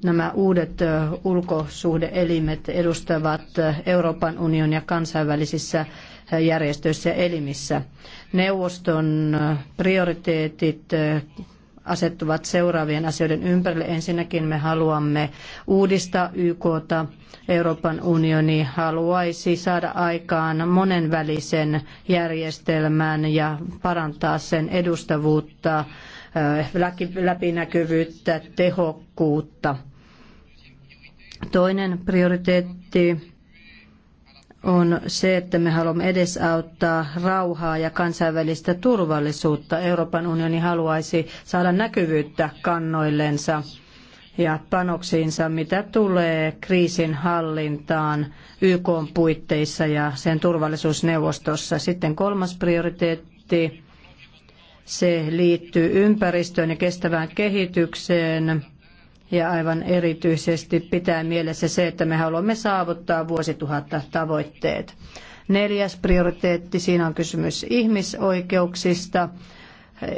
nämä uudet ulkosuhdeelimet edustavat Euroopan unionia kansainvälisissä järjestöissä ja elimissä. Neuvoston prioriteetit asettuvat seuraavien asioiden ympärille. Ensinnäkin me haluamme uudistaa YKta. Euroopan unioni haluaisi saada aikaan monenvälisen järjestelmän ja parantaa sen edustavuutta, eh, läpinäkyvyyttä, tehokkuutta. Toinen prioriteetti on se, että me haluamme edesauttaa rauhaa ja kansainvälistä turvallisuutta. Euroopan unioni haluaisi saada näkyvyyttä kannoillensa ja panoksiinsa, mitä tulee kriisin hallintaan YK puitteissa ja sen turvallisuusneuvostossa. Sitten kolmas prioriteetti, se liittyy ympäristöön ja kestävään kehitykseen ja aivan erityisesti pitää mielessä se, että me haluamme saavuttaa vuosituhatta tavoitteet. Neljäs prioriteetti, siinä on kysymys ihmisoikeuksista.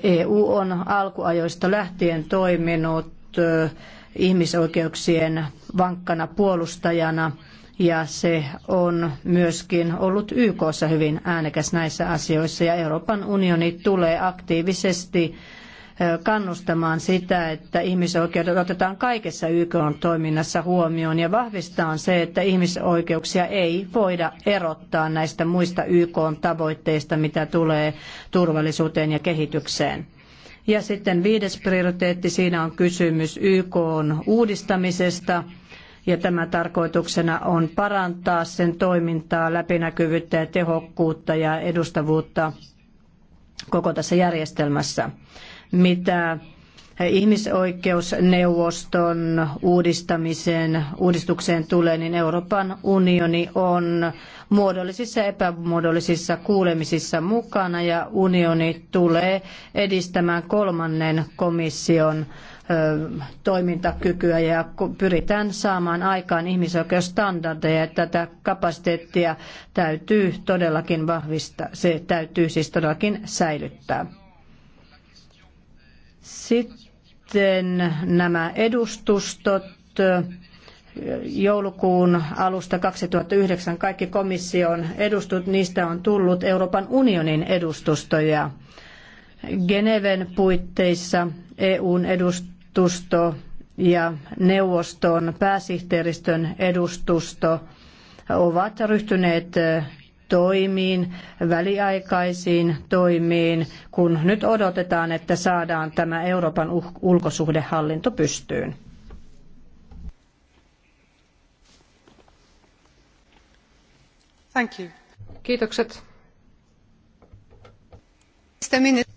EU on alkuajoista lähtien toiminut ihmisoikeuksien vankkana puolustajana ja se on myöskin ollut YKssa hyvin äänekäs näissä asioissa ja Euroopan unioni tulee aktiivisesti kannustamaan sitä, että ihmisoikeudet otetaan kaikessa YK toiminnassa huomioon ja vahvistaan se, että ihmisoikeuksia ei voida erottaa näistä muista YK tavoitteista, mitä tulee turvallisuuteen ja kehitykseen. Ja sitten viides prioriteetti, siinä on kysymys YK uudistamisesta ja tämä tarkoituksena on parantaa sen toimintaa, läpinäkyvyyttä ja tehokkuutta ja edustavuutta koko tässä järjestelmässä mitä ihmisoikeusneuvoston uudistamiseen, uudistukseen tulee, niin Euroopan unioni on muodollisissa ja epämuodollisissa kuulemisissa mukana ja unioni tulee edistämään kolmannen komission toimintakykyä ja pyritään saamaan aikaan ihmisoikeusstandardeja ja tätä kapasiteettia täytyy todellakin vahvistaa, se täytyy siis todellakin säilyttää. Sitten nämä edustustot joulukuun alusta 2009 kaikki komission edustut, niistä on tullut Euroopan unionin edustustoja. Geneven puitteissa EUn edustusto ja neuvoston pääsihteeristön edustusto ovat ryhtyneet toimiin, väliaikaisiin toimiin, kun nyt odotetaan, että saadaan tämä Euroopan ulkosuhdehallinto pystyyn. Thank you. Kiitokset.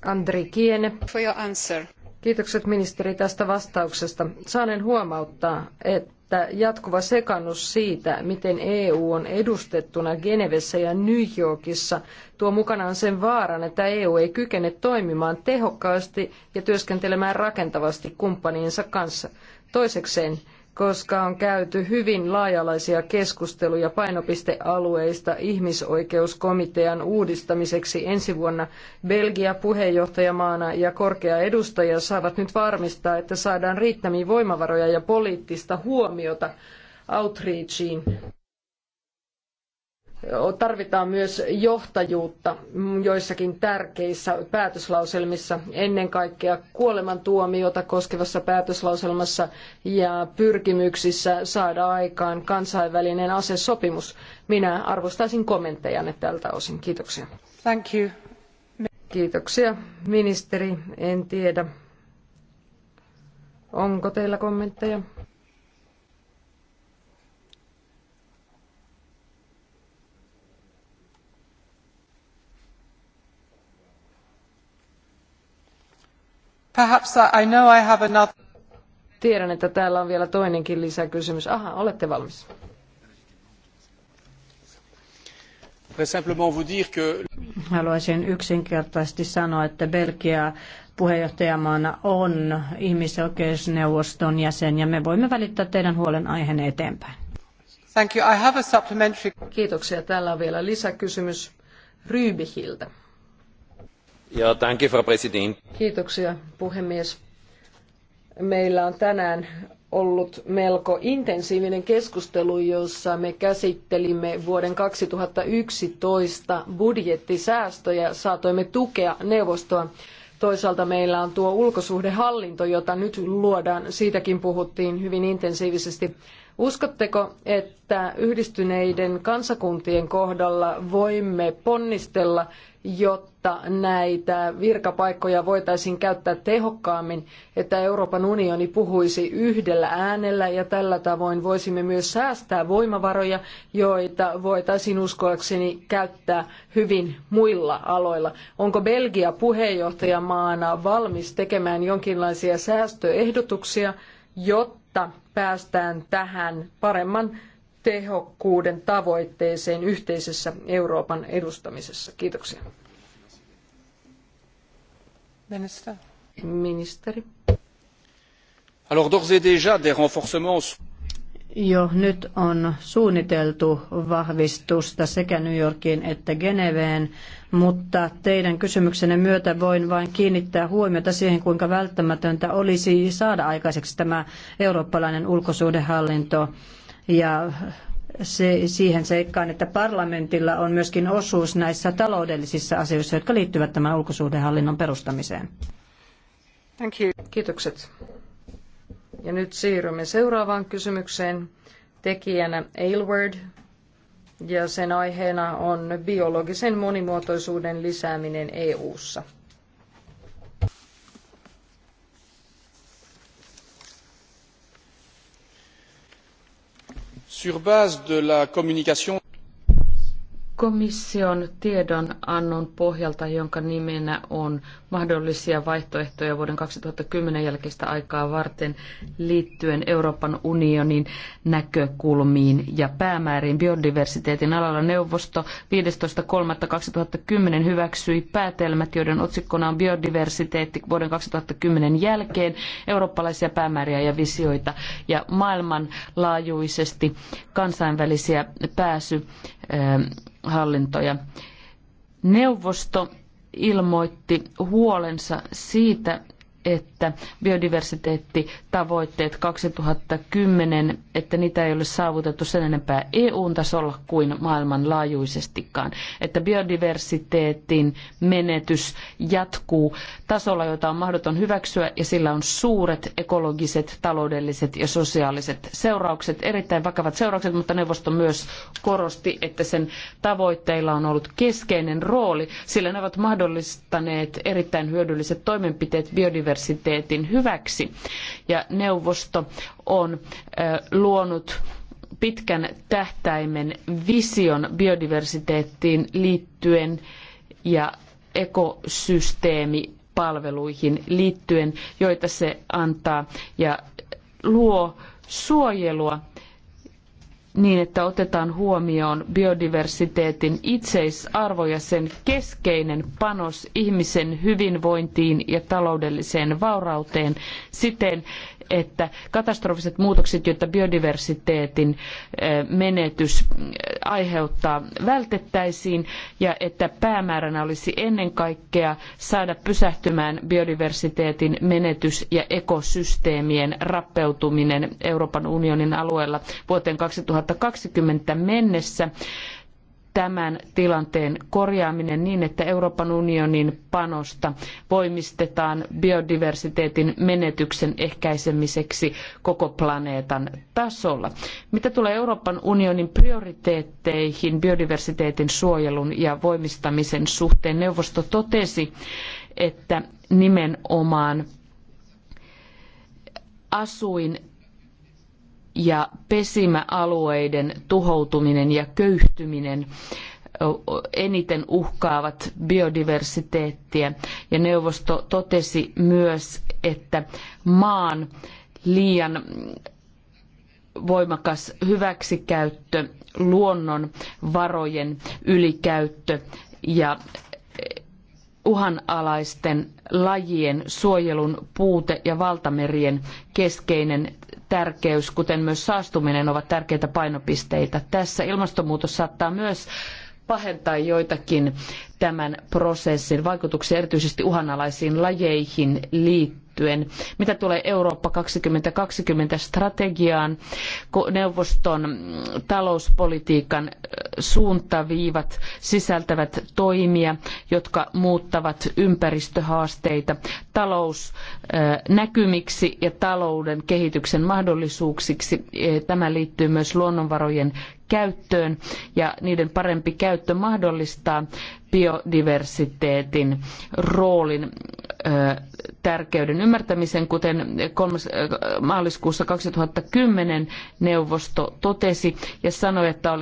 Andri Kiene. For your answer. Kiitokset ministeri tästä vastauksesta. Saanen huomauttaa, että että jatkuva sekannus siitä, miten EU on edustettuna Genevessä ja New Yorkissa, tuo mukanaan sen vaaran, että EU ei kykene toimimaan tehokkaasti ja työskentelemään rakentavasti kumppaniinsa kanssa. Toisekseen koska on käyty hyvin laajalaisia keskusteluja painopistealueista ihmisoikeuskomitean uudistamiseksi ensi vuonna. Belgia puheenjohtajamaana ja korkea edustaja saavat nyt varmistaa, että saadaan riittämiin voimavaroja ja poliittista huomiota outreachiin tarvitaan myös johtajuutta joissakin tärkeissä päätöslauselmissa, ennen kaikkea kuolemantuomiota koskevassa päätöslauselmassa ja pyrkimyksissä saada aikaan kansainvälinen asesopimus. Minä arvostaisin kommenttejanne tältä osin. Kiitoksia. Thank you. Kiitoksia, ministeri. En tiedä, onko teillä kommentteja? Perhaps I know I have another... Tiedän, että täällä on vielä toinenkin lisäkysymys. Aha, olette valmis. Haluaisin yksinkertaisesti sanoa, että Belgia puheenjohtajamaana on ihmisoikeusneuvoston jäsen ja me voimme välittää teidän huolenaiheen eteenpäin. Thank you. I have a supplementary... Kiitoksia. Täällä on vielä lisäkysymys Ryybihiltä. Ja, Kiitoksia, puhemies. Meillä on tänään ollut melko intensiivinen keskustelu, jossa me käsittelimme vuoden 2011 budjettisäästöjä, saatoimme tukea neuvostoa. Toisaalta meillä on tuo ulkosuhdehallinto, jota nyt luodaan, siitäkin puhuttiin hyvin intensiivisesti. Uskotteko, että yhdistyneiden kansakuntien kohdalla voimme ponnistella, jotta näitä virkapaikkoja voitaisiin käyttää tehokkaammin, että Euroopan unioni puhuisi yhdellä äänellä ja tällä tavoin voisimme myös säästää voimavaroja, joita voitaisiin uskoakseni käyttää hyvin muilla aloilla. Onko Belgia puheenjohtajamaana valmis tekemään jonkinlaisia säästöehdotuksia, jotta jotta päästään tähän paremman tehokkuuden tavoitteeseen yhteisessä Euroopan edustamisessa. Kiitoksia. Ministeri. Alors d'ores et déjà des renforcements jo nyt on suunniteltu vahvistusta sekä New Yorkiin että Geneveen, mutta teidän kysymyksenne myötä voin vain kiinnittää huomiota siihen, kuinka välttämätöntä olisi saada aikaiseksi tämä eurooppalainen ulkosuhdehallinto ja se, siihen seikkaan, että parlamentilla on myöskin osuus näissä taloudellisissa asioissa, jotka liittyvät tämän ulkosuhdehallinnon perustamiseen. Thank you. Kiitokset. Ja nyt siirrymme seuraavaan kysymykseen. Tekijänä Aylward ja sen aiheena on biologisen monimuotoisuuden lisääminen EU:ssa. Sur base de la communication komission tiedonannon pohjalta, jonka nimenä on mahdollisia vaihtoehtoja vuoden 2010 jälkeistä aikaa varten liittyen Euroopan unionin näkökulmiin ja päämääriin biodiversiteetin alalla. Neuvosto 15.3.2010 hyväksyi päätelmät, joiden otsikkona on biodiversiteetti vuoden 2010 jälkeen, eurooppalaisia päämääriä ja visioita ja maailmanlaajuisesti kansainvälisiä pääsy ähm, hallintoja. Neuvosto ilmoitti huolensa siitä, että biodiversiteettitavoitteet 2010, että niitä ei ole saavutettu sen enempää EU-tasolla kuin maailmanlaajuisestikaan. Että biodiversiteetin menetys jatkuu tasolla, jota on mahdoton hyväksyä ja sillä on suuret ekologiset, taloudelliset ja sosiaaliset seuraukset, erittäin vakavat seuraukset, mutta neuvosto myös korosti, että sen tavoitteilla on ollut keskeinen rooli, sillä ne ovat mahdollistaneet erittäin hyödylliset toimenpiteet biodiversiteetin biodiversiteetin hyväksi. Ja neuvosto on luonut pitkän tähtäimen vision biodiversiteettiin liittyen ja ekosysteemipalveluihin liittyen, joita se antaa ja luo suojelua niin, että otetaan huomioon biodiversiteetin itseisarvo ja sen keskeinen panos ihmisen hyvinvointiin ja taloudelliseen vaurauteen siten, että katastrofiset muutokset, joita biodiversiteetin menetys aiheuttaa, vältettäisiin ja että päämääränä olisi ennen kaikkea saada pysähtymään biodiversiteetin menetys ja ekosysteemien rappeutuminen Euroopan unionin alueella vuoteen 2020 mennessä tämän tilanteen korjaaminen niin, että Euroopan unionin panosta voimistetaan biodiversiteetin menetyksen ehkäisemiseksi koko planeetan tasolla. Mitä tulee Euroopan unionin prioriteetteihin biodiversiteetin suojelun ja voimistamisen suhteen, neuvosto totesi, että nimenomaan asuin ja pesimäalueiden tuhoutuminen ja köyhtyminen eniten uhkaavat biodiversiteettiä. Ja neuvosto totesi myös, että maan liian voimakas hyväksikäyttö, luonnon varojen ylikäyttö ja uhanalaisten lajien suojelun puute ja valtamerien keskeinen tärkeys, kuten myös saastuminen, ovat tärkeitä painopisteitä. Tässä ilmastonmuutos saattaa myös pahentaa joitakin tämän prosessin vaikutuksia erityisesti uhanalaisiin lajeihin liittyen liittyen. Mitä tulee Eurooppa 2020 strategiaan, neuvoston talouspolitiikan suuntaviivat sisältävät toimia, jotka muuttavat ympäristöhaasteita talousnäkymiksi ja talouden kehityksen mahdollisuuksiksi. E, tämä liittyy myös luonnonvarojen käyttöön ja niiden parempi käyttö mahdollistaa biodiversiteetin roolin tärkeyden ymmärtämisen, kuten maaliskuussa 2010 neuvosto totesi ja sanoi, että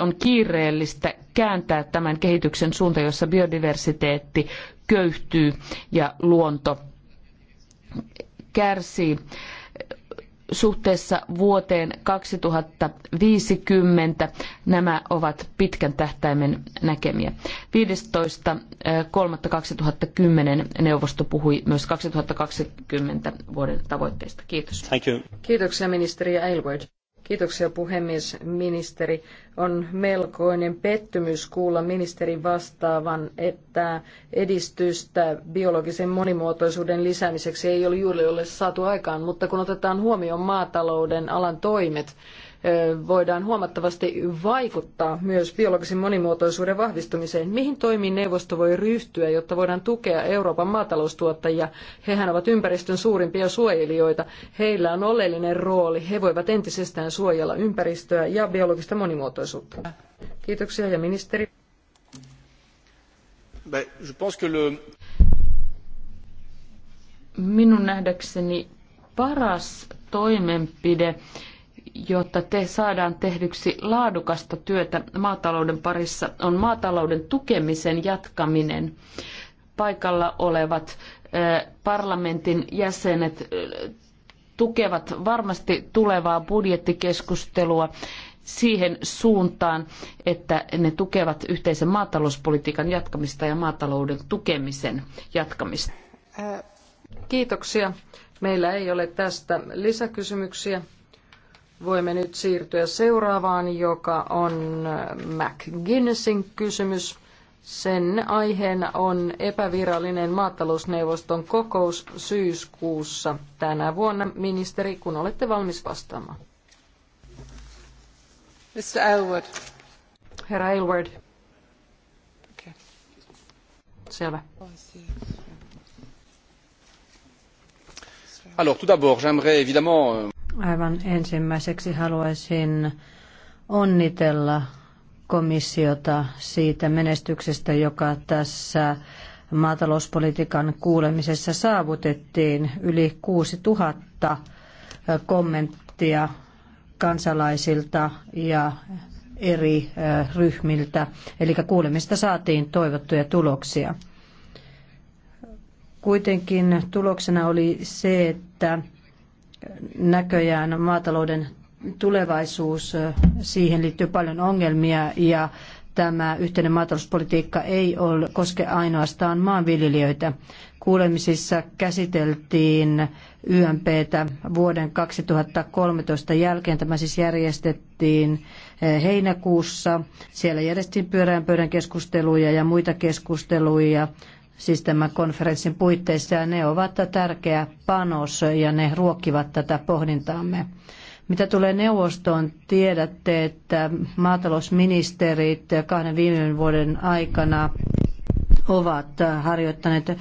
on kiireellistä kääntää tämän kehityksen suunta, jossa biodiversiteetti köyhtyy ja luonto kärsii suhteessa vuoteen 2050. Nämä ovat pitkän tähtäimen näkemiä. 15.3.2010 neuvosto puhui myös 2020 vuoden tavoitteista. Kiitos. Thank you. Kiitoksia ministeri Aylward. Kiitoksia puhemies, ministeri. On melkoinen pettymys kuulla ministerin vastaavan, että edistystä biologisen monimuotoisuuden lisäämiseksi ei ole juuri ole saatu aikaan, mutta kun otetaan huomioon maatalouden alan toimet, voidaan huomattavasti vaikuttaa myös biologisen monimuotoisuuden vahvistumiseen. Mihin toimiin neuvosto voi ryhtyä, jotta voidaan tukea Euroopan maataloustuottajia? Hehän ovat ympäristön suurimpia suojelijoita. Heillä on oleellinen rooli. He voivat entisestään suojella ympäristöä ja biologista monimuotoisuutta tietoisuutta. Kiitoksia ja ministeri. Minun nähdäkseni paras toimenpide, jotta te saadaan tehdyksi laadukasta työtä maatalouden parissa, on maatalouden tukemisen jatkaminen. Paikalla olevat parlamentin jäsenet tukevat varmasti tulevaa budjettikeskustelua siihen suuntaan, että ne tukevat yhteisen maatalouspolitiikan jatkamista ja maatalouden tukemisen jatkamista. Kiitoksia. Meillä ei ole tästä lisäkysymyksiä. Voimme nyt siirtyä seuraavaan, joka on McGinnessin kysymys. Sen aiheena on epävirallinen maatalousneuvoston kokous syyskuussa tänä vuonna. Ministeri, kun olette valmis vastaamaan. Mr. Aylward. Herra Aylward. Okay. Selvä. Alors tout d'abord, j'aimerais évidemment... Euh, Aivan ensimmäiseksi haluaisin onnitella komissiota siitä menestyksestä, joka tässä maatalouspolitiikan kuulemisessa saavutettiin. Yli 6000 kommenttia kansalaisilta ja eri ryhmiltä. Eli kuulemista saatiin toivottuja tuloksia. Kuitenkin tuloksena oli se, että näköjään maatalouden tulevaisuus, siihen liittyy paljon ongelmia ja tämä yhteinen maatalouspolitiikka ei ole, koske ainoastaan maanviljelijöitä. Kuulemisissa käsiteltiin YMPtä vuoden 2013 jälkeen. Tämä siis järjestettiin eh, heinäkuussa. Siellä järjestettiin pyörään pöydän keskusteluja ja muita keskusteluja siis tämän konferenssin puitteissa ja ne ovat tärkeä panos ja ne ruokkivat tätä pohdintaamme. Mitä tulee neuvostoon, tiedätte, että maatalousministerit kahden viime vuoden aikana ovat harjoittaneet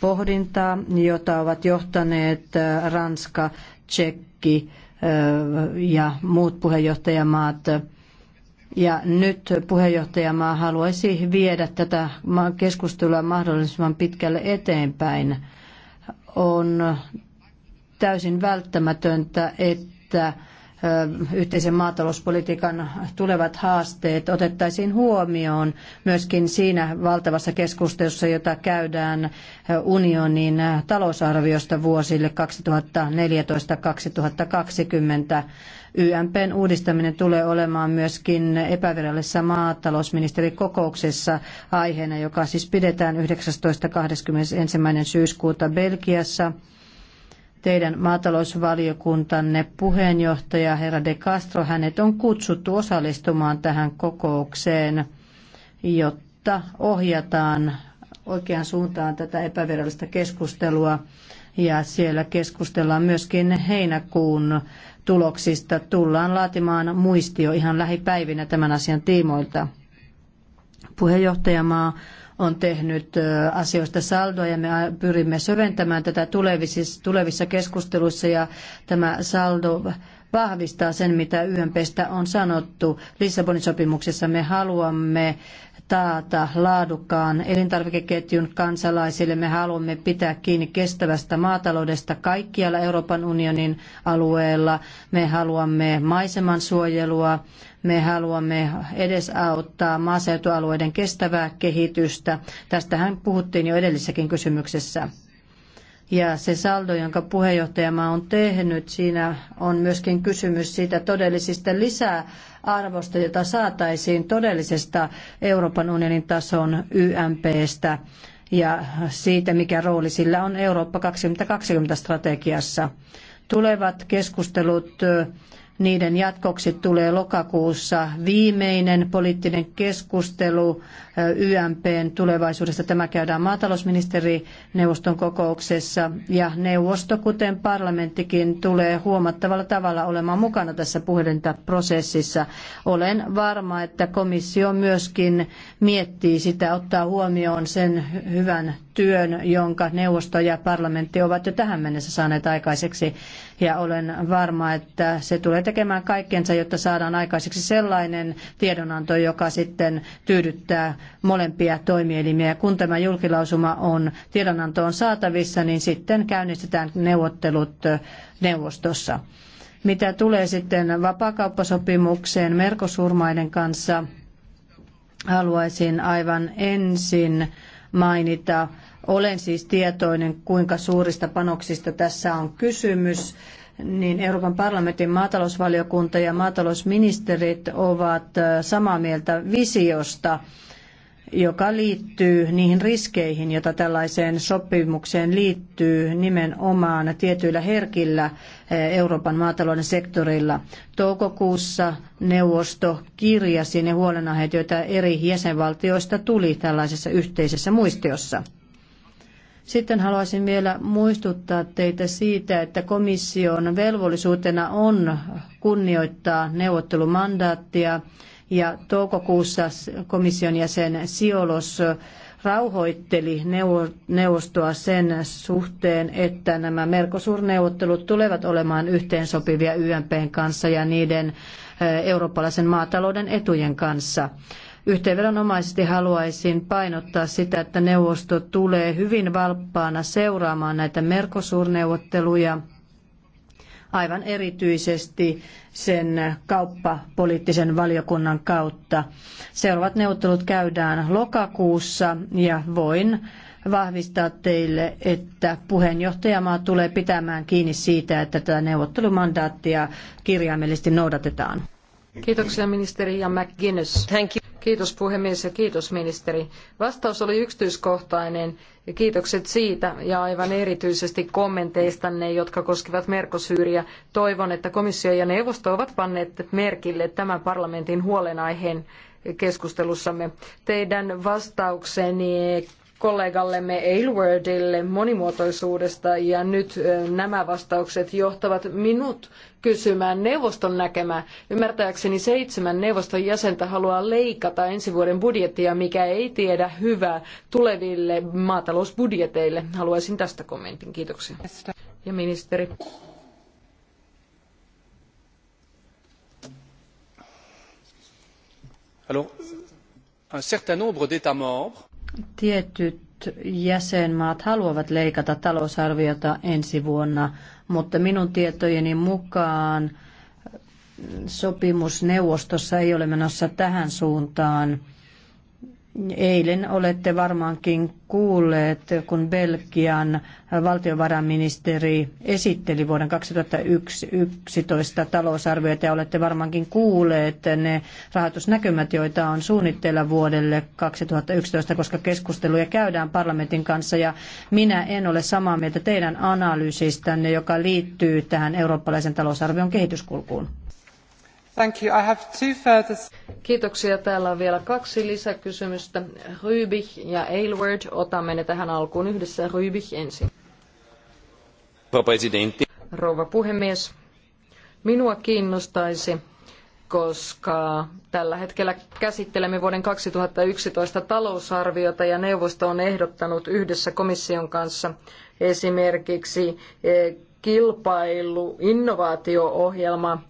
pohdintaa, jota ovat johtaneet Ranska, Tsekki eh, ja muut puheenjohtajamaat. Ja nyt puheenjohtajamaa haluaisi viedä tätä keskustelua mahdollisimman pitkälle eteenpäin. On täysin välttämätöntä, että että yhteisen maatalouspolitiikan tulevat haasteet otettaisiin huomioon myöskin siinä valtavassa keskustelussa, jota käydään unionin talousarviosta vuosille 2014-2020. YMPn uudistaminen tulee olemaan myöskin epävirallisessa maatalousministerikokouksessa aiheena, joka siis pidetään 19.21. syyskuuta Belgiassa – teidän maatalousvaliokuntanne puheenjohtaja herra De Castro, hänet on kutsuttu osallistumaan tähän kokoukseen, jotta ohjataan oikeaan suuntaan tätä epävirallista keskustelua. Ja siellä keskustellaan myöskin heinäkuun tuloksista. Tullaan laatimaan muistio ihan lähipäivinä tämän asian tiimoilta. Puheenjohtajamaa on tehnyt asioista saldoa ja me pyrimme syventämään tätä tulevissa keskusteluissa ja tämä saldo vahvistaa sen, mitä YMPstä on sanottu. Lissabonin sopimuksessa me haluamme taata laadukkaan elintarvikeketjun kansalaisille. Me haluamme pitää kiinni kestävästä maataloudesta kaikkialla Euroopan unionin alueella. Me haluamme maiseman suojelua. Me haluamme edesauttaa maaseutualueiden kestävää kehitystä. Tästähän puhuttiin jo edellisessäkin kysymyksessä. Ja se saldo, jonka puheenjohtajamaa on tehnyt, siinä on myöskin kysymys siitä todellisista lisäarvosta, jota saataisiin todellisesta Euroopan unionin tason YMPstä ja siitä, mikä rooli sillä on Eurooppa 2020 strategiassa. Tulevat keskustelut niiden jatkoksi tulee lokakuussa viimeinen poliittinen keskustelu YMPn tulevaisuudesta. Tämä käydään maatalousministerineuvoston kokouksessa ja neuvosto, kuten parlamenttikin, tulee huomattavalla tavalla olemaan mukana tässä puhelintaprosessissa. Olen varma, että komissio myöskin miettii sitä, ottaa huomioon sen hyvän työn, jonka neuvosto ja parlamentti ovat jo tähän mennessä saaneet aikaiseksi. Ja olen varma, että se tulee tekemään kaikkensa, jotta saadaan aikaiseksi sellainen tiedonanto, joka sitten tyydyttää molempia toimielimiä. Ja kun tämä julkilausuma on tiedonanto on saatavissa, niin sitten käynnistetään neuvottelut neuvostossa. Mitä tulee sitten vapaakauppasopimukseen merkosurmaiden kanssa, haluaisin aivan ensin mainita olen siis tietoinen, kuinka suurista panoksista tässä on kysymys. Niin Euroopan parlamentin maatalousvaliokunta ja maatalousministerit ovat samaa mieltä visiosta, joka liittyy niihin riskeihin, joita tällaiseen sopimukseen liittyy nimenomaan tietyillä herkillä Euroopan maatalouden sektorilla. Toukokuussa neuvosto kirjasi ne huolenaiheet, joita eri jäsenvaltioista tuli tällaisessa yhteisessä muistiossa. Sitten haluaisin vielä muistuttaa teitä siitä, että komission velvollisuutena on kunnioittaa neuvottelumandaattia ja toukokuussa komission jäsen Siolos rauhoitteli neuvostoa sen suhteen, että nämä Mercosur-neuvottelut tulevat olemaan yhteensopivia YMPn kanssa ja niiden eurooppalaisen maatalouden etujen kanssa. Yhteenvedonomaisesti haluaisin painottaa sitä, että neuvosto tulee hyvin valppaana seuraamaan näitä Mercosur-neuvotteluja, aivan erityisesti sen kauppapoliittisen valiokunnan kautta. Seuraavat neuvottelut käydään lokakuussa ja voin vahvistaa teille, että puheenjohtajamaa tulee pitämään kiinni siitä, että tätä neuvottelumandaattia kirjaimellisesti noudatetaan. Kiitoksia ministeri ja McGuinness. Thank you. Kiitos puhemies ja kiitos ministeri. Vastaus oli yksityiskohtainen. Kiitokset siitä ja aivan erityisesti kommenteistanne, jotka koskivat Merkosyyriä. Toivon, että komissio ja neuvosto ovat panneet merkille tämän parlamentin huolenaiheen keskustelussamme. Teidän vastaukseni kollegallemme Aylwardille monimuotoisuudesta ja nyt nämä vastaukset johtavat minut kysymään neuvoston näkemää. Ymmärtääkseni seitsemän neuvoston jäsentä haluaa leikata ensi vuoden budjettia, mikä ei tiedä hyvää tuleville maatalousbudjeteille. Haluaisin tästä kommentin. Kiitoksia. Ja ministeri. Alors, un certain nombre d'États membres Tietyt jäsenmaat haluavat leikata talousarviota ensi vuonna, mutta minun tietojeni mukaan sopimusneuvostossa ei ole menossa tähän suuntaan. Eilen olette varmaankin kuulleet, kun Belgian valtiovarainministeri esitteli vuoden 2011 talousarviota ja olette varmaankin kuulleet ne rahoitusnäkymät, joita on suunnitteilla vuodelle 2011, koska keskusteluja käydään parlamentin kanssa ja minä en ole samaa mieltä teidän analyysistänne, joka liittyy tähän eurooppalaisen talousarvion kehityskulkuun. Thank you. I have two further... Kiitoksia. Täällä on vielä kaksi lisäkysymystä. Rybich ja Aylward. Otamme ne tähän alkuun yhdessä. Rybich ensin. Rouva puhemies, minua kiinnostaisi, koska tällä hetkellä käsittelemme vuoden 2011 talousarviota ja neuvosto on ehdottanut yhdessä komission kanssa esimerkiksi eh, kilpailu-innovaatio-ohjelmaa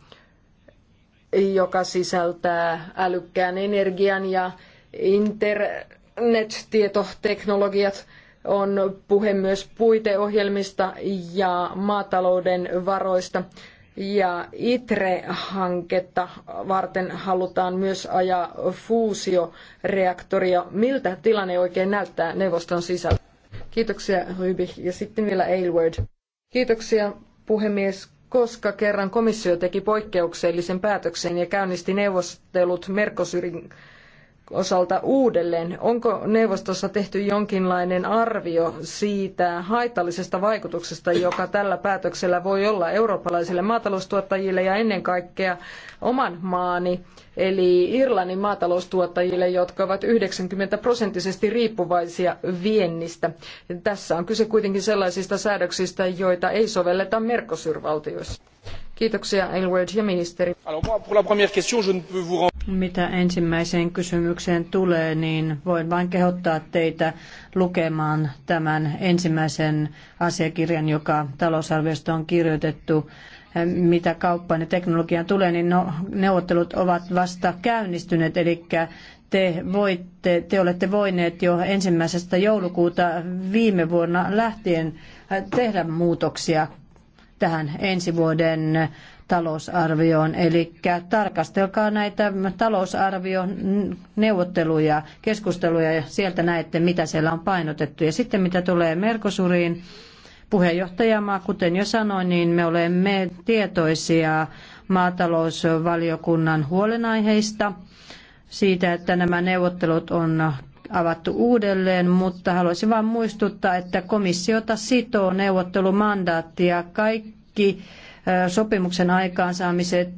joka sisältää älykkään energian ja internet-tietoteknologiat. On puhe myös puiteohjelmista ja maatalouden varoista. Ja ITRE-hanketta varten halutaan myös ajaa fuusioreaktoria. Miltä tilanne oikein näyttää neuvoston sisällä? Kiitoksia Ryby ja sitten vielä Aylward. Kiitoksia puhemies koska kerran komissio teki poikkeuksellisen päätöksen ja käynnisti neuvottelut Mercosurin osalta uudelleen. Onko neuvostossa tehty jonkinlainen arvio siitä haitallisesta vaikutuksesta, joka tällä päätöksellä voi olla eurooppalaisille maataloustuottajille ja ennen kaikkea oman maani, eli Irlannin maataloustuottajille, jotka ovat 90 prosenttisesti riippuvaisia viennistä. Tässä on kyse kuitenkin sellaisista säädöksistä, joita ei sovelleta Mercosur-valtioissa. Kiitoksia ja ministeri. Mitä ensimmäiseen kysymykseen tulee, niin voin vain kehottaa teitä lukemaan tämän ensimmäisen asiakirjan, joka talousarviosta on kirjoitettu äh, mitä kauppaan ja teknologiaan tulee, niin no, neuvottelut ovat vasta käynnistyneet, eli te, voitte, te olette voineet jo ensimmäisestä joulukuuta viime vuonna lähtien äh, tehdä muutoksia tähän ensi vuoden talousarvioon. Eli tarkastelkaa näitä talousarvion neuvotteluja, keskusteluja ja sieltä näette, mitä siellä on painotettu. Ja sitten mitä tulee Merkosuriin, puheenjohtajamaa, kuten jo sanoin, niin me olemme tietoisia maatalousvaliokunnan huolenaiheista siitä, että nämä neuvottelut on avattu uudelleen, mutta haluaisin vain muistuttaa, että komissiota sitoo neuvottelumandaatti ja kaikki sopimuksen aikaansaamiset,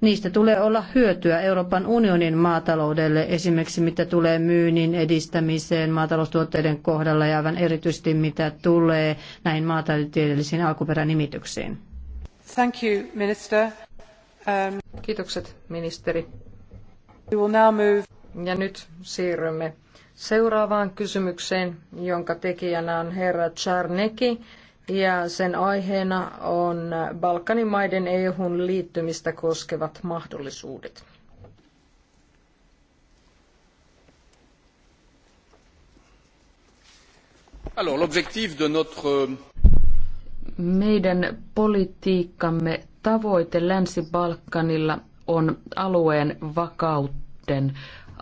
niistä tulee olla hyötyä Euroopan unionin maataloudelle, esimerkiksi mitä tulee myynnin edistämiseen maataloustuotteiden kohdalla ja aivan erityisesti mitä tulee näihin maataloudellisiin alkuperänimityksiin. Thank you, minister. Um... Kiitokset, ministeri. We will now move... Ja nyt siirrymme seuraavaan kysymykseen, jonka tekijänä on herra Czarnecki, ja sen aiheena on Balkanin maiden EU:hun liittymistä koskevat mahdollisuudet. Alors, l'objectif de notre... Euh, Meidän politiikkamme tavoite Länsi-Balkanilla on alueen vakauden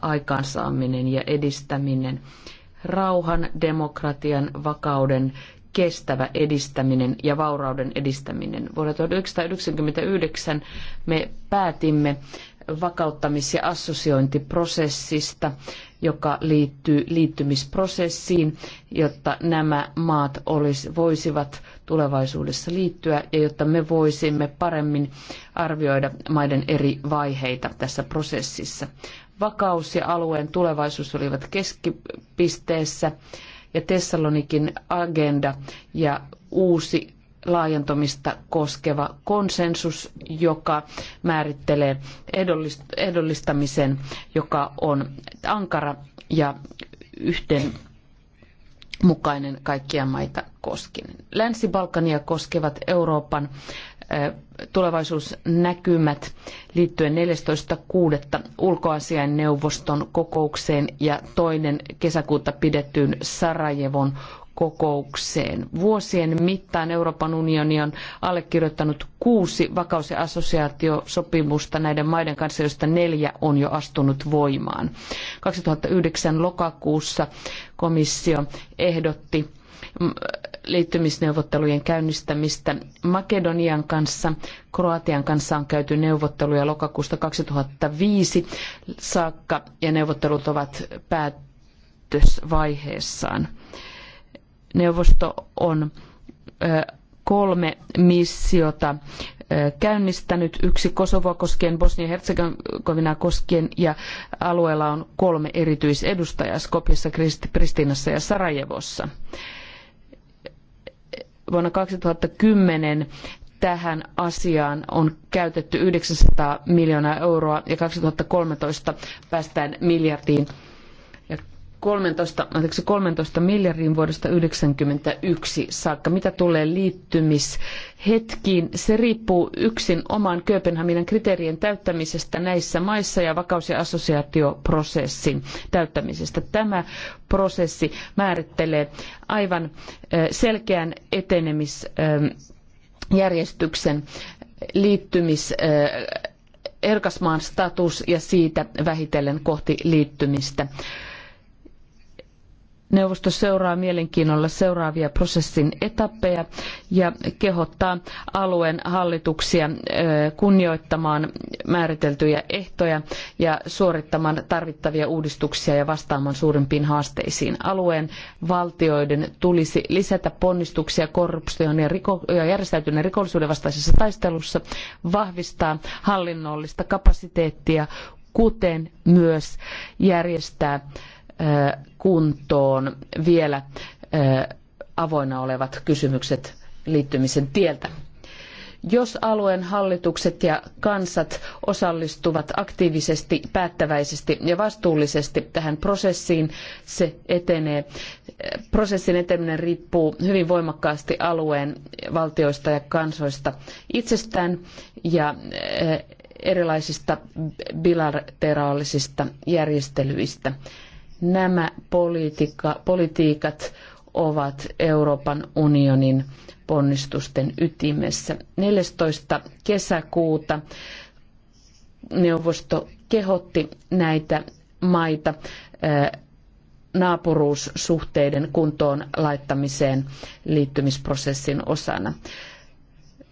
aikaansaaminen ja edistäminen. Rauhan, demokratian, vakauden, kestävä edistäminen ja vaurauden edistäminen. Vuonna 1999 me päätimme vakauttamis- ja assosiointiprosessista, joka liittyy liittymisprosessiin, jotta nämä maat olis, voisivat tulevaisuudessa liittyä ja jotta me voisimme paremmin arvioida maiden eri vaiheita tässä prosessissa. Vakaus ja alueen tulevaisuus olivat keskipisteessä ja Thessalonikin agenda ja uusi laajentumista koskeva konsensus, joka määrittelee ehdollistamisen, joka on ankara ja yhdenmukainen kaikkia maita koskien. Länsi-Balkania koskevat Euroopan tulevaisuusnäkymät liittyen 14.6. ulkoasian neuvoston kokoukseen ja toinen kesäkuuta pidettyyn Sarajevon kokoukseen. Vuosien mittaan Euroopan unioni on allekirjoittanut kuusi vakaus- ja assosiaatiosopimusta näiden maiden kanssa, joista neljä on jo astunut voimaan. 2009 lokakuussa komissio ehdotti liittymisneuvottelujen käynnistämistä Makedonian kanssa. Kroatian kanssa on käyty neuvotteluja lokakuusta 2005 saakka ja neuvottelut ovat päätösvaiheessaan. Neuvosto on kolme missiota käynnistänyt, yksi Kosovoa koskien, Bosnia-Herzegovinaa koskien ja alueella on kolme erityisedustajaa Skopjassa, Pristinassa ja Sarajevossa. Vuonna 2010 tähän asiaan on käytetty 900 miljoonaa euroa ja 2013 päästään miljardiin 13, 13 miljardiin vuodesta 1991 saakka. Mitä tulee liittymishetkiin, se riippuu yksin oman Kööpenhaminan kriteerien täyttämisestä näissä maissa ja vakaus- ja assosiaatioprosessin täyttämisestä. Tämä prosessi määrittelee aivan selkeän etenemisjärjestyksen liittymis erkasmaan status ja siitä vähitellen kohti liittymistä. Neuvosto seuraa mielenkiinnolla seuraavia prosessin etappeja ja kehottaa alueen hallituksia kunnioittamaan määriteltyjä ehtoja ja suorittamaan tarvittavia uudistuksia ja vastaamaan suurimpiin haasteisiin. Alueen valtioiden tulisi lisätä ponnistuksia korruption ja, riko- ja järjestäytyneen rikollisuuden vastaisessa taistelussa, vahvistaa hallinnollista kapasiteettia, kuten myös järjestää kuntoon vielä avoinna olevat kysymykset liittymisen tieltä. Jos alueen hallitukset ja kansat osallistuvat aktiivisesti, päättäväisesti ja vastuullisesti tähän prosessiin, se etenee. Prosessin eteneminen riippuu hyvin voimakkaasti alueen valtioista ja kansoista itsestään ja erilaisista bilateraalisista järjestelyistä Nämä politiikka, politiikat ovat Euroopan unionin ponnistusten ytimessä. 14. kesäkuuta neuvosto kehotti näitä maita naapuruussuhteiden kuntoon laittamiseen liittymisprosessin osana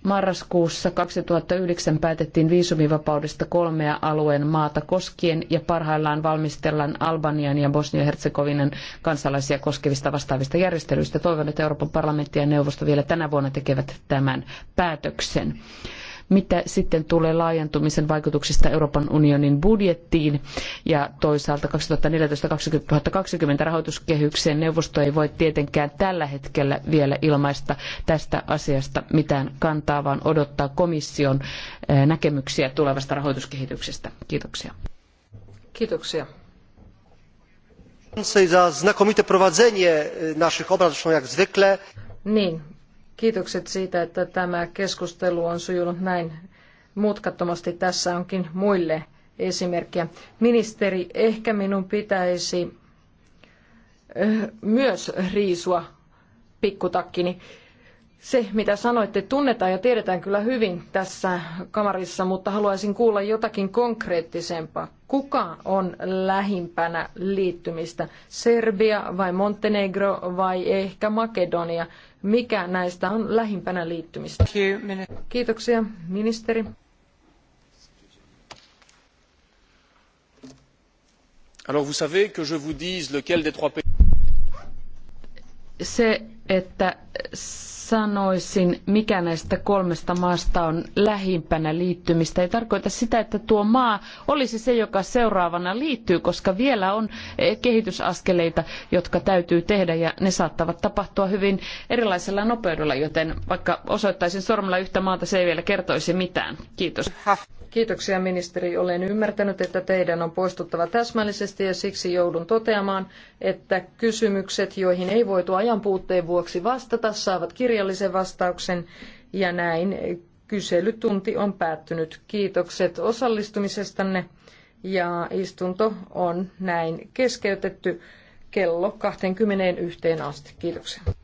marraskuussa 2009 päätettiin viisumivapaudesta kolmea alueen maata koskien ja parhaillaan valmistellaan Albanian ja Bosnia-Herzegovinan kansalaisia koskevista vastaavista järjestelyistä. Toivon, että Euroopan parlamentti ja neuvosto vielä tänä vuonna tekevät tämän päätöksen. Mitä sitten tulee laajentumisen vaikutuksista Euroopan unionin budjettiin ja toisaalta 2014-2020 rahoituskehykseen neuvosto ei voi tietenkään tällä hetkellä vielä ilmaista tästä asiasta mitään kantaa, vaan odottaa komission eh, näkemyksiä tulevasta rahoituskehityksestä. Kiitoksia. Kiitoksia za znakomite prowadzenie eh, naszych obrad zresztą jak zwykle. Niin, Kiitokset siitä, että tämä keskustelu on sujunut näin mutkattomasti. Tässä onkin muille esimerkkiä. Ministeri, ehkä minun pitäisi myös riisua pikkutakkini. Se, mitä sanoitte, tunnetaan ja tiedetään kyllä hyvin tässä kamarissa, mutta haluaisin kuulla jotakin konkreettisempaa kuka on lähimpänä liittymistä, Serbia vai Montenegro vai ehkä Makedonia. Mikä näistä on lähimpänä liittymistä? Kiitoksia, ministeri. Alors vous savez que je vous dise lequel des trois pays. Se, että sanoisin, mikä näistä kolmesta maasta on lähimpänä liittymistä. Ei tarkoita sitä, että tuo maa olisi se, joka seuraavana liittyy, koska vielä on eh, kehitysaskeleita, jotka täytyy tehdä ja ne saattavat tapahtua hyvin erilaisella nopeudella, joten vaikka osoittaisin sormella yhtä maata, se ei vielä kertoisi mitään. Kiitos. Kiitoksia ministeri. Olen ymmärtänyt, että teidän on poistuttava täsmällisesti ja siksi joudun toteamaan, että kysymykset, joihin ei voitu ajan puutteen vuoksi vastata, saavat kirjallisen vastauksen ja näin kyselytunti on päättynyt. Kiitokset osallistumisestanne ja istunto on näin keskeytetty kello 21 asti. Kiitoksia.